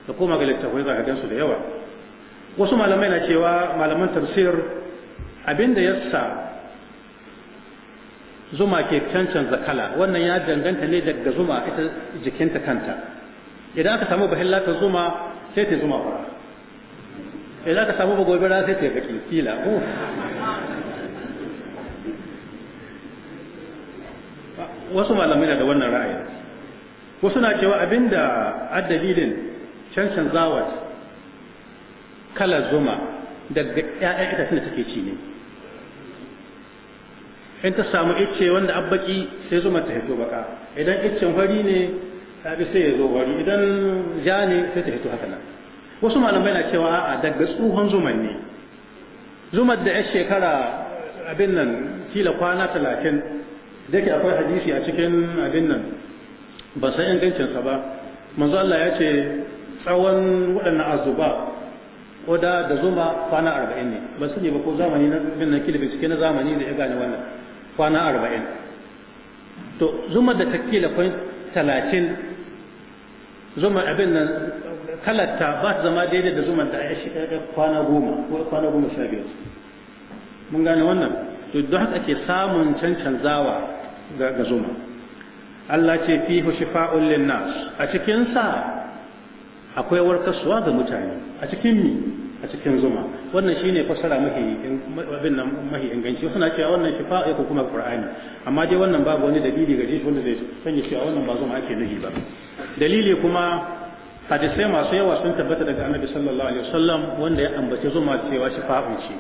da koma ga littafai za a gan su da yawa wasu malamai na cewa malaman tafsir abinda ya sa zuma ke cancanza kala wannan ya danganta ne daga zuma ita jikinta kanta idan aka samu bahilla ta zuma sai ta zuma fara in za ka samu ba gobe rana sai ta kila wasu malamai na da wannan ra'ayi wasu na cewa abinda addalilin cancan zawat kala zuma daga ƴaƴan itacen da take ci ne in ta samu icce wanda abbaki sai zuma ta hito baka idan iccen fari ne tabi sai ya zo fari idan ja ne sai ta hito haka nan wasu malamai na cewa a daga tsohon zuman ne zumar da ya shekara abin nan kila kwana talatin da ke akwai hadisi a cikin abin nan ba san ingancinsa ba manzo Allah ya ce tsawon waɗannan azuba ko da da zuma kwana arba'in ne ba su ne ba ko zamani na bin nan kila cikin na zamani da ya gane wannan kwana arba'in to zuma da ta kila kwan talatin zuma abin nan kalarta ba ta zama daidai da zuman da ya shiga kwana goma ko kwana goma sha biyar mun gane wannan to don haka ake samun cancanzawa ga zuma Allah ce fi shifa'un nas a cikin sa akwai warkaswa ga mutane a cikin mi a cikin zuma wannan shine fasara mahi abin nan mahi inganci suna cewa wannan shifa'i ko kuma qur'ani amma dai wannan babu wani dalili gare shi wanda zai sanya cewa wannan ba zuma ake nuhi ba dalili kuma hadisai masu yawa sun tabbata daga annabi sallallahu alaihi wasallam wanda ya ambace zuma cewa shifa'un ce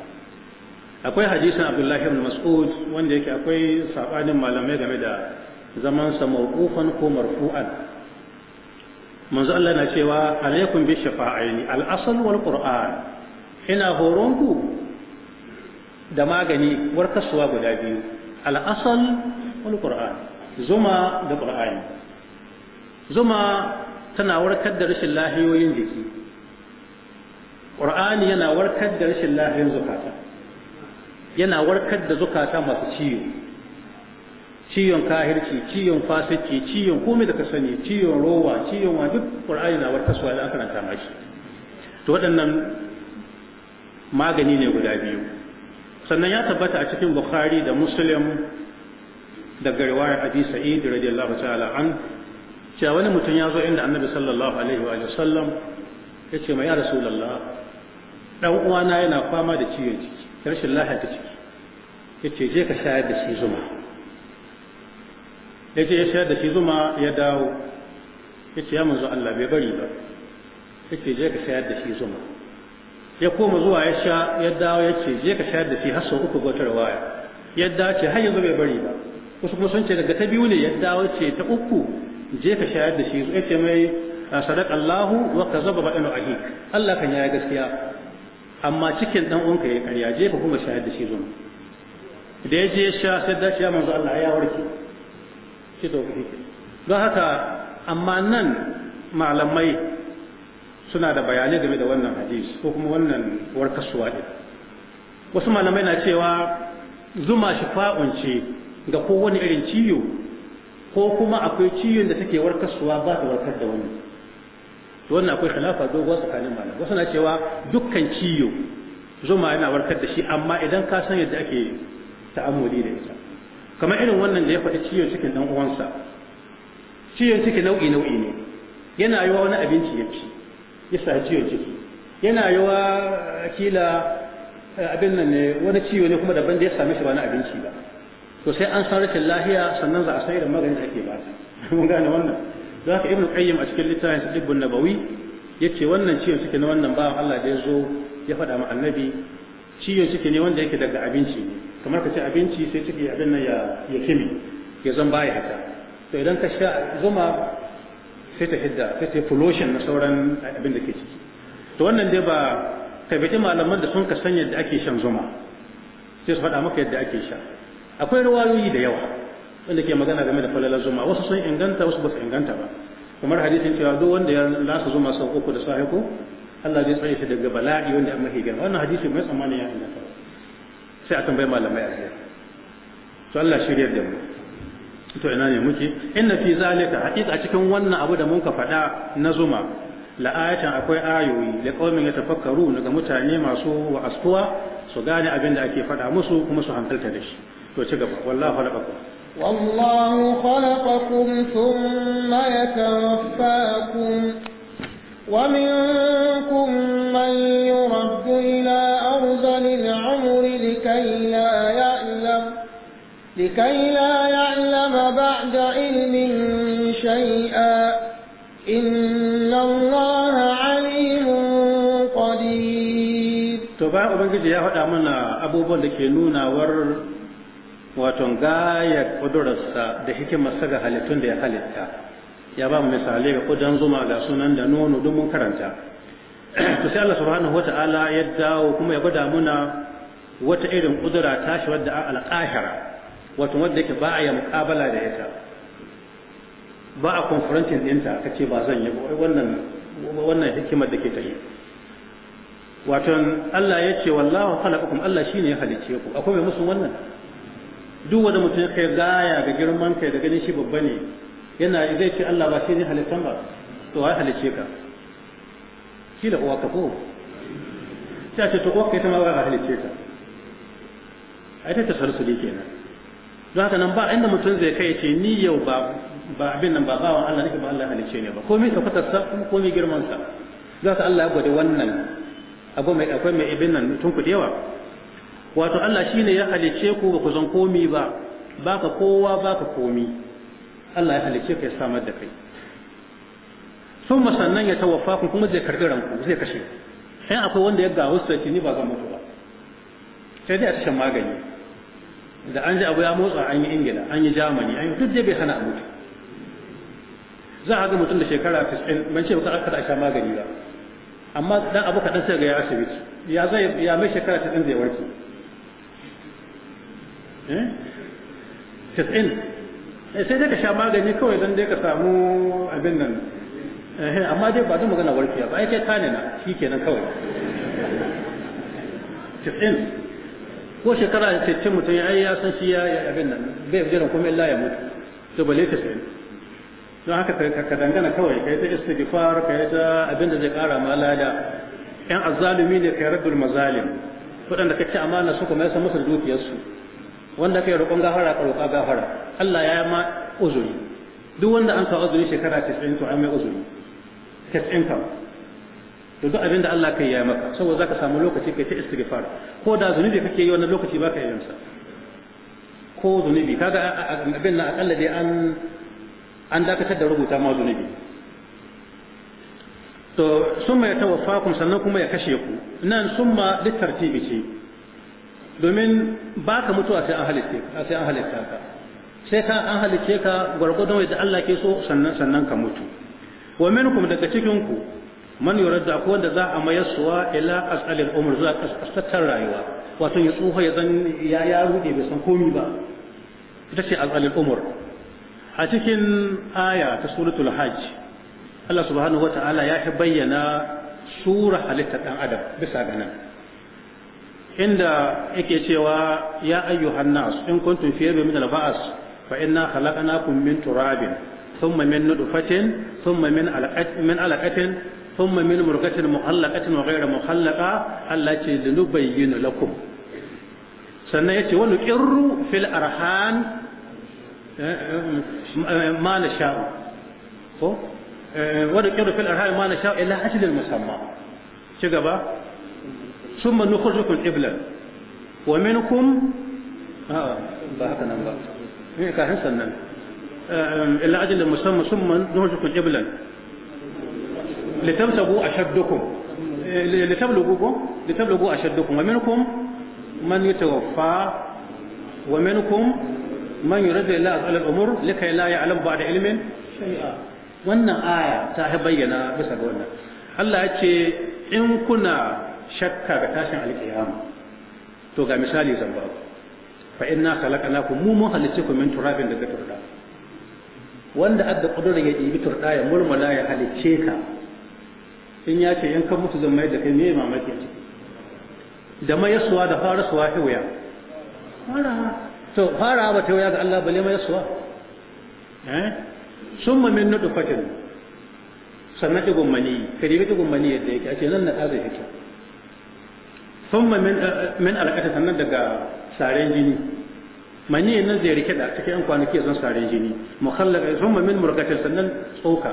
akwai hadisin abdullahi ibn mas'ud wanda yake akwai sabanin malamai game da zaman sa mawqufan ko marfu'an manzo Allah na cewa alaykum bi shafa'aini al-asl wal qur'an ina horonku da magani warkaswa guda biyu al-asl wal qur'an zuma da qur'ani zuma tana warkar da rashin lahiyoyin jiki ƙur'ani yana warkar da rashin lahiyoyin zukata yana warkar da zukata masu ciwo ciwon kahirci ciwon fasiki ciwon komai da ka sani ciwon rowa ciwon wa duk ƙur'ani na warkar suwa aka karanta mashi to waɗannan magani ne guda biyu sannan ya tabbata a cikin bukhari da muslim da garwar abi sa'id radiyallahu ta'ala an cewa wani mutum ya zo inda annabi sallallahu alaihi wa sallam ya ce mai ya rasulallah dan uwana yana fama da ciwon ciki rashin lafiya ta ciki ya ce je ka shayar da shi zuma ya ce ya shayar da shi zuma ya dawo ya ce ya manzo Allah bai bari ba ya ce je ka shayar da shi zuma ya koma zuwa ya sha ya dawo ya ce je ka shayar da shi har sau uku gotar waya yadda dace har yanzu bai bari ba wasu kuma sun ce daga ta biyu ne yadda dawo ce ta uku je ka shayar da shi ya ce mai sadaƙa Allahu wa ba badanu ahik Allah kan ya gaskiya amma cikin ɗan uwanka ya karya je ka kuma shayar da shi zuwa da ya je sha sai da ya manzo Allah ya warke shi to don haka amma nan malamai suna da bayanai game da wannan hadis ko kuma wannan warkaswa din wasu malamai na cewa zuma shifa'un ce ga kowane irin ciwo ko kuma akwai ciwon da take warkaswa ba ta warkar da wani to wannan akwai khilafa dogo tsakanin malamai wasu na cewa dukkan ciwo zuma yana warkar da shi amma idan ka san yadda ake ta'amuli da ita kamar irin wannan da ya faɗi ciwon cikin dan uwansa ciwon ciki nau'i nau'i ne yana yiwa wani abinci ya ci ya sa ciwon ciki yana yiwa kila eh, abin nan ne wani ciwo ne kuma daban da ya same shi ba na abinci ba to sai an san rashin lahiya sannan za a sai da maganin ake ba ta [LAUGHS] mun gane wannan za ka ibnu qayyim a cikin littafin sa dibbun nabawi yace wannan ciwon suke na wannan bawan Allah da ya zo ya faɗa ma annabi ciwon suke ne wanda yake daga abinci kamar ka ce abinci sai ciki abin nan ya ya kimi ya zan baya haka to idan ka sha zuma sai ta hidda sai ta pollution na sauran abin da ke ciki to wannan dai ba ka bi malaman da sun ka san yadda ake shan zuma sai su faɗa maka yadda ake sha akwai rawayoyi da yawa wanda ke magana game da falalar zuma wasu sun inganta wasu ba su inganta ba kamar hadisin cewa duk wanda ya lasa zuma sau uku da safe ko Allah zai tsare shi daga bala'i wanda an mahi gani wannan hadisi mai tsammani ya inganta sai a tambayi malamai a jiya to Allah shiryar da mu to ina ne muke inna fi zalika haqiqa a cikin wannan abu da mun ka faɗa na zuma la ayatan akwai ayoyi da qaumin tafakkaru daga mutane masu wa'astuwa su gane abin da ake faɗa musu kuma su hankalta da shi to ci gaba wallahu khalaqakum wallahu khalaqakum thumma yatawaffakum wa minkum man yuraddu ila arzalil umri likay la ya'lam likay la ya'lam ba'da ilmin shay'a inna alimun qadir to ba ubangiji ya faɗa mana abubuwan da ke nunawar waton gaya kudurarsa da hikimarsa ga halittun da ya halitta ya ba mu misali ga kudan zuma ga sunan da nono duk mun karanta [CLEARS THROAT] to sai Allah subhanahu wata'ala ya dawo kuma ya gwada muna wata irin kudura tashi wadda a alƙahira wato wadda yake ba a yi muƙabala da ita ba a konfrontin ɗinta aka ce ba zan yi wannan wannan hikimar da ke tafi wato Allah ya ce wallahu khalaqakum Allah shine ya halicce ku akwai mai musu wannan duk wanda mutum ya kai gaya ga girman kai da ganin shi babba ne yana zai ce Allah ba shi ne halittan ba to ai halice ka kila uwa ka ko sai ce to uwa kai ta ma ba halice ka ai ta tasarsuli kenan don haka nan ba inda mutum zai kai ce ni yau ba ba abin nan ba bawan Allah nake ba Allah halice ne ba komai ka fatar sa kuma komai girman sa za ka Allah ya gode wannan abu mai akwai mai ibin nan tun ku yawa? wato Allah shi ne ya halice ku ba ku zan komi ba ba ka kowa ba ka komi Allah ya halice ka ya samar da kai sun sannan ya tawaffa ku kuma zai karbi ranku zai kashe sai akwai wanda ya gawo sai ni ba zan mutu ba sai dai a tashin magani da an ji abu ya motsa an yi ingila an yi jamani an yi duk dai bai hana a mutu za a ga mutum da shekara 90 ban ce ba ka da a sha magani ba amma dan abu kaɗan sai ga ya asibiti ya zai ya mai shekara 90 zai warke Eh? tis'in eh, sai dai ka sha magani kawai don dai ka samu abin nan eh, amma dai ba zan magana warke ba ai kai ne na shi kenan kawai tis'in ko shekara da tattin mutum ya ai ya san shi ya abin nan bai jiran kuma illa ya mutu to balle tis'in don haka ka dangana kawai kai ta istighfar kai ta abin da zai kara ma lada yan azzalumi ne kai rabbul mazalim waɗanda ka ci amana su kuma ya san musu dukiyarsu wanda kai roƙon gafara ka roƙa gafara Allah ya ma uzuri duk wanda an ka uzuri shekara 90 to an mai uzuri 90 kam to duk abinda Allah kai ya maka saboda zaka samu lokaci kai ta istighfar ko da zunubi kake yi wannan lokaci baka yi sa ko zunubi kaga abin na akalla dai an an dakatar da rubuta ma zunubi to summa ya tawaffakum sannan kuma ya kashe ku nan summa littartibi ce domin ba ka mutuwa sai an halitta ka sai an halitta ka sai ka an halitta ka gwargwadon yadda Allah ke so sannan sannan ka mutu wa minkum daga cikin ku man yuradda ko wanda za a mayar suwa ila asalil umr zuwa kasattar rayuwa wato ya tsufa ya zan ya ya rude bai san komi ba ita ce asalil umr a cikin aya ta suratul hajj Allah subhanahu wataala ya bayyana sura halittar ɗan adam bisa ganin. inda yake cewa ya ayyuhan nas in kuntum fiye yamin min al-ba'as fa inna khalaqnakum min turabin thumma min nutfatin thumma min alaqatin min alaqatin thumma min murghatin muhallaqatin wa ghayra muhallaqa allati linubayyinu lakum sannan yace wa nuqirru fil arhan eh, ma nasha'u ko eh, wa nuqirru fil arhan ma nasha'u ila ajalin musamma ci gaba ثم نخرجكم قبلا ومنكم آه،, إيه، آه،, آه. الا أجل المسمى ثم نخرجكم قبلا لتبلغوا أشدكم آه، لتبلغوا لتبلغوا أشدكم ومنكم من يتوفى ومنكم من يرد الله على الأمور لكي لا يعلم بعد علم شيئا wannan آية ta bayyana bisa ga wannan Allah ya ce in shakka ga tashin alƙiyama to ga misali zan ba ku fa inna khalaqnakum mu mun halice ku min turabin daga turda wanda adda kudurin ya ɗibi turda ya murmula ya halice ka in ya ce in ka mutu zan mai da kai me mamaki ciki da mayasuwa da fara suwa hiwaya fara to fara ba ta waya ga Allah bale mayasuwa eh summa min nutfatin sannan ta mani ka ɗibi ɗigon mani yadda yake a ce nan na ɗaga yake sun min alƙata sannan daga saren jini mani nan zai rike da cikin yan kwanaki zan saren jini mukhallaka sun min murgatin sannan tsoka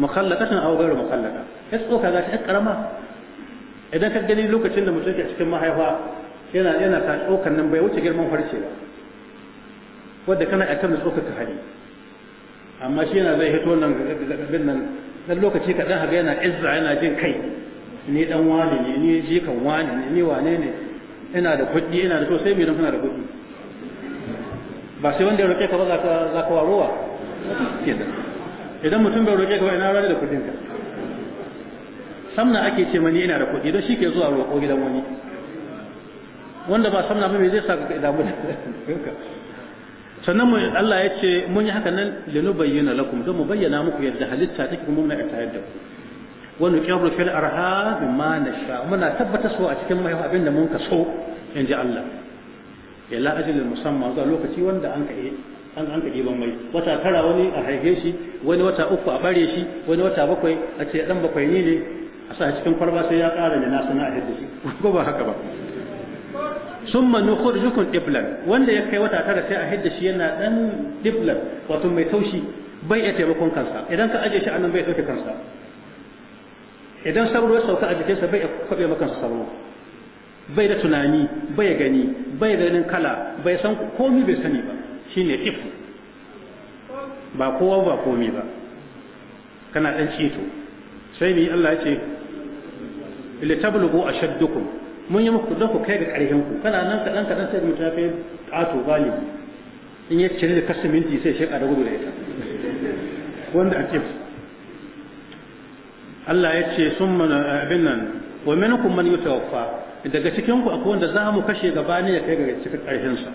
mukhallaqatan aw ghayr mukhallaqa ya tsoka za ta yi karama idan ka gani lokacin da mutum ke cikin mahaifa yana yana ta tsokan nan bai wuce girman farce ba wanda kana a kan tsoka ka hari, amma shi yana zai hito nan ga nan dan lokaci kaɗan haga yana izza yana jin kai ni dan wani ne ni jikan wani ne ni wane ne ina da kuɗi ina da so sai me don kana da kuɗi ba sai wanda ya roƙe ka ba za ka wa? idan mutum bai roƙe ka ba ina rana da kuɗin ka samna ake ce mani ina da kuɗi don shi ke zuwa roƙo gidan wani wanda ba samna ba me zai sa ka damu da sannan mu Allah ya ce mun yi haka nan linubayyana lakum don mu bayyana muku yadda halitta take kuma muna ta yadda ku wani ƙirru fil arhami ma na sha muna tabbata so a cikin mahaifa abin da mun ka so in ji Allah ila ajalin musamman zuwa lokaci wanda an ka an an wata tara a haife wani wata uku a bare wani wata bakwai a ce dan bakwai ne a cikin kwarba sai ya ƙara da nasu na ahir da [LAUGHS] ko ba haka ba sun manu kurjukun diblan wanda ya kai wata tara sai a hidda shi yana dan diblan wato mai taushi bai iya taimakon kansa idan ka ajiye shi anan nan bai ɗauke kansa idan sauro ya sauka a jikinsa bai kwabe maka sabuwa bai da tunani bai gani bai da ganin kala bai san komi bai sani ba Shi ne if ba kowa ba komi ba kana dan ceto sai ni Allah ya ce litablugu ashaddukum mun yi muku don ku kai ga ƙarshen ku kana nan kaɗan kaɗan sai mutum ya fi ƙato galibi in ya cire da kasa minti sai shi gudu da ita wanda a ce Allah ya ce sun abin nan wa minkum man yutawaffa daga cikin ku akwai wanda za mu kashe gaba ne ya kai ga cikin ƙarshen sa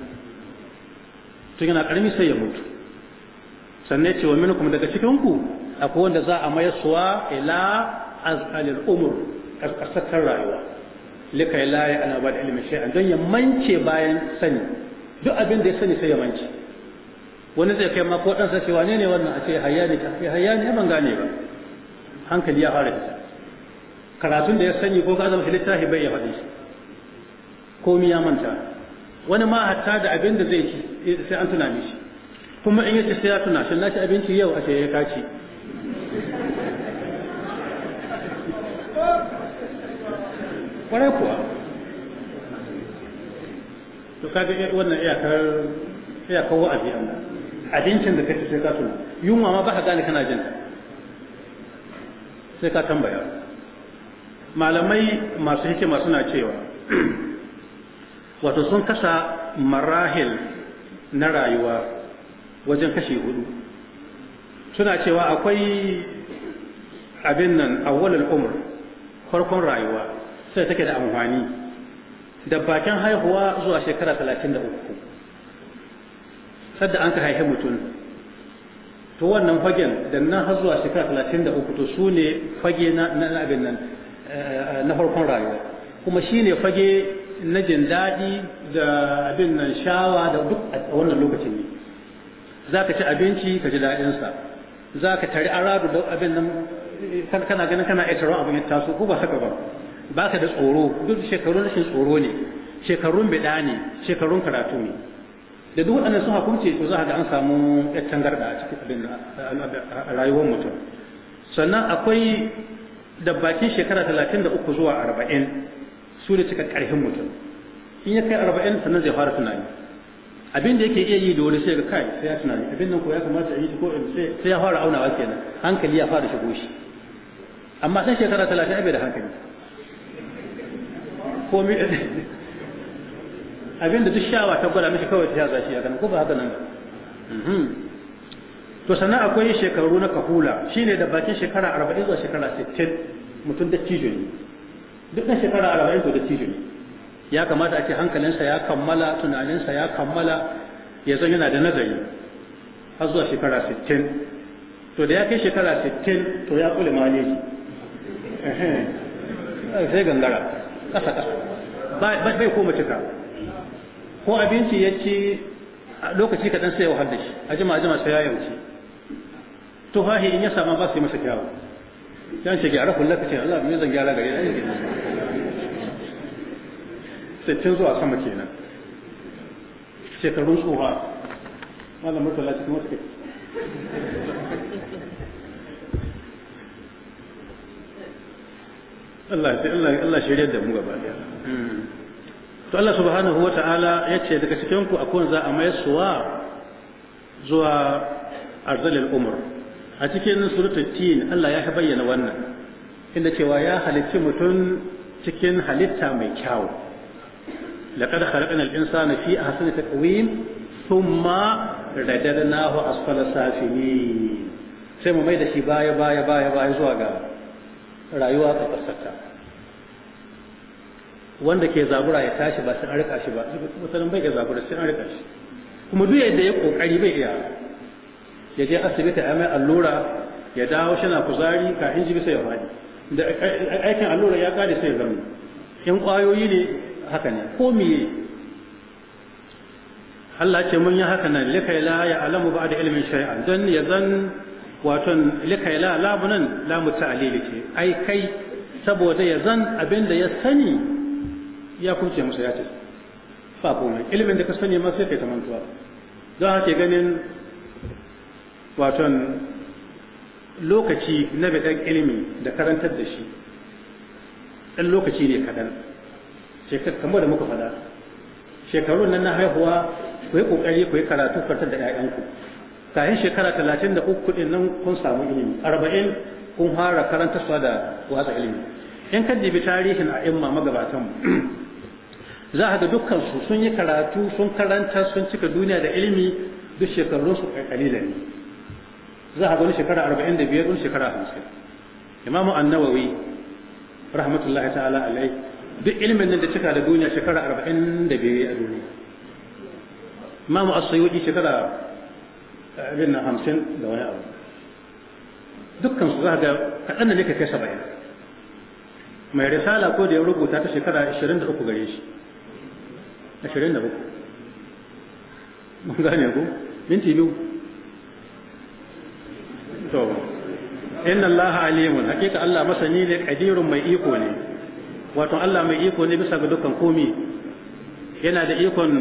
tun yana ƙarami sai ya mutu sannan ce wa minkum daga cikin ku akwai wanda za a mayar suwa ila azqalil umur ƙasƙasar rayuwa lika ila ya ana ba da ilimin shay'an don ya mance bayan sani duk abin da ya sani sai ya mance wani zai kai ma ko ɗan sa ne ne wannan a ce hayya ne ta hayya ne ban gane ba hankali ya fara fita karatun da ya sani ko ka zama shi littafi bai ya faɗi komi ya manta wani ma hatta da abin da zai ci eh, sai an tuna mishi kuma in yace sai ya tuna shin na ci abinci yau a ce ya eh, kaci kwarai kuwa to kaga eh, wannan iyakar iyakar wa'azi amma abincin da kake sai ka tuna yunwa ma ba ka gane kana jin sai ka tambaya malamai masu hikima suna cewa [CLEARS THROAT] wato sun kasa marahil na rayuwa wajen kashe hudu suna cewa akwai abin nan awwalul umr farkon rayuwa sai take da amfani da bakin haihuwa zuwa shekara 33 sadda an ka haihe mutum to wannan fagen da na har zuwa shekara talatin da uku to su ne fage na abin nan eh, na farkon rayuwa kuma shi ne fage na jin daɗi da abin nan shawa da duk a wannan lokacin ne za ka ci abinci ka ji daɗinsa za ka tari arabu da abin nan kana ganin kana iya taron abin ya taso ko ba haka ba ba ka da tsoro duk shekarun rashin tsoro ne shekarun biɗa ne shekarun karatu ne da duk waɗannan sun hukunce to za a ga an samu yaccan garda a cikin abin rayuwar mutum sannan akwai da bakin shekara talatin da uku zuwa arba'in su ne cika ƙarfin mutum in ya kai arba'in sannan zai fara tunani abin da yake iya yi da wani sai ga kai sai ya tunani abin nan ko ya kamata a yi ko sai ya fara aunawa kenan hankali ya fara shigo shi amma sai shekara talatin abin da hankali [LAUGHS] abinda duk shawa ta gwada mishi kawai ta zashi a ganin ko ba haka nan mhm. to sannan akwai shekaru na kahula shine da bakin shekara 40 zuwa shekara 60 mutum da cijo ne duk na shekara 40 zuwa da cijo ne ya kamata a ce hankalinsa ya kammala tunaninsa ya kammala ya zan yana da nazari har zuwa shekara 60 to da ya kai shekara 60 to ya kula maleji sai gangara ƙasa ƙasa bai koma cika ko abinci ya ci lokaci kaɗan sai ya wahal da shi a jima a jima sai ya yauci to fahi in ya sama ba su yi masa kyawu yan ce gyara kullaka ce Allah mai zan gyara gare sai tun zuwa sama kenan shekarun tsoha mutu murtala cikin wasu Allah ya Allah Allah shirye da mu gaba daya hmm. to Allah subhanahu wa ta'ala ya ce daga cikin ku akwai za a mai suwa zuwa arzalil umar a cikin suratul tin Allah ya bayyana wannan inda cewa ya halicci mutum cikin halitta mai kyau laqad khalaqna al-insana fi ahsani taqwim thumma radadnahu asfala safini sai mu mai da shi baya baya baya baya zuwa ga rayuwa ta wanda ke zabura ya tashi ba sai an rika shi ba musulun bai ga zabura sai an rika shi kuma duk yadda ya kokari bai iya ya je asibiti a mai allura ya dawo shana kuzari ka jibi bisa ya fadi da aikin allura ya kare sai ya zama in kwayoyi ne haka ne ko miye Allah ce mun yi haka nan likai la ya alamu ba da ilimin shari'a don ya zan waton likai la labunan lamu ta'alili ce ai kai saboda ya zan abin da ya sani ya kurce masa ya ce ba komai ilimin da ka sani ma sai kai ta mantuwa don haka ganin waton lokaci na bidan ilimi da karantar da shi ɗan lokaci ne kaɗan kamar da muka faɗa shekarun nan na haihuwa ku yi ƙoƙari ku yi karatu fartar da 'ya'yanku kayan shekara talatin da uku kuɗin nan kun samu ilimi arba'in kun fara karantarwa da watsa ilimi in kan dibi tarihin a imma magabatan za a ga dukkan su sun yi karatu sun karanta sun cika duniya da ilimi duk shekarun su kalilan ne za a ga wani shekara arba'in da biyar wani shekara hamsin imamu annawawi rahmatullahi ta'ala alai duk ilimin nan da cika da duniya shekara arba'in da biyar a duniya imamu asayuki shekara eh, abin na hamsin da wani abu dukkan su za a ga kaɗan da ne ka kai saba'in mai risala ko da ya rubuta ta shekara uku gare shi ashirin da bakwai mun gane ku minti biyu to inna Allah alimun hakika Allah masani ne kadirun mai iko ne wato Allah mai iko ne bisa ga dukkan komi yana da ikon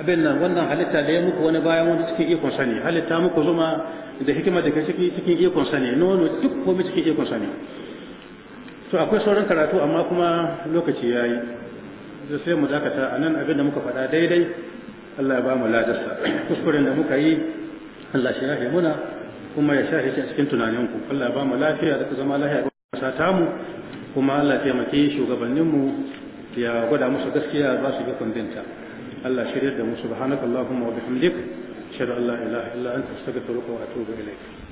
abin nan wannan halitta da ya muku wani bayan wani cikin ikon sani halitta muku zuma da hikima da ciki cikin ikon sani nono duk komai cikin ikon sani to akwai sauran karatu amma kuma lokaci yayi da sai mu dakata a nan abin da muka faɗa daidai Allah ya ba mu ladarsa kuskuren da muka yi Allah shi rahe muna kuma ya shafe shi a cikin tunaninku Allah ya ba mu lafiya da zama lafiya ga ƙasa mu kuma Allah ya taimake shugabanninmu ya gwada musu gaskiya ba su ga kundinta Allah shirya da mu subhanakallahumma wa bihamdik shada Allah ilaha illa anta astaghfiruka wa atubu ilayk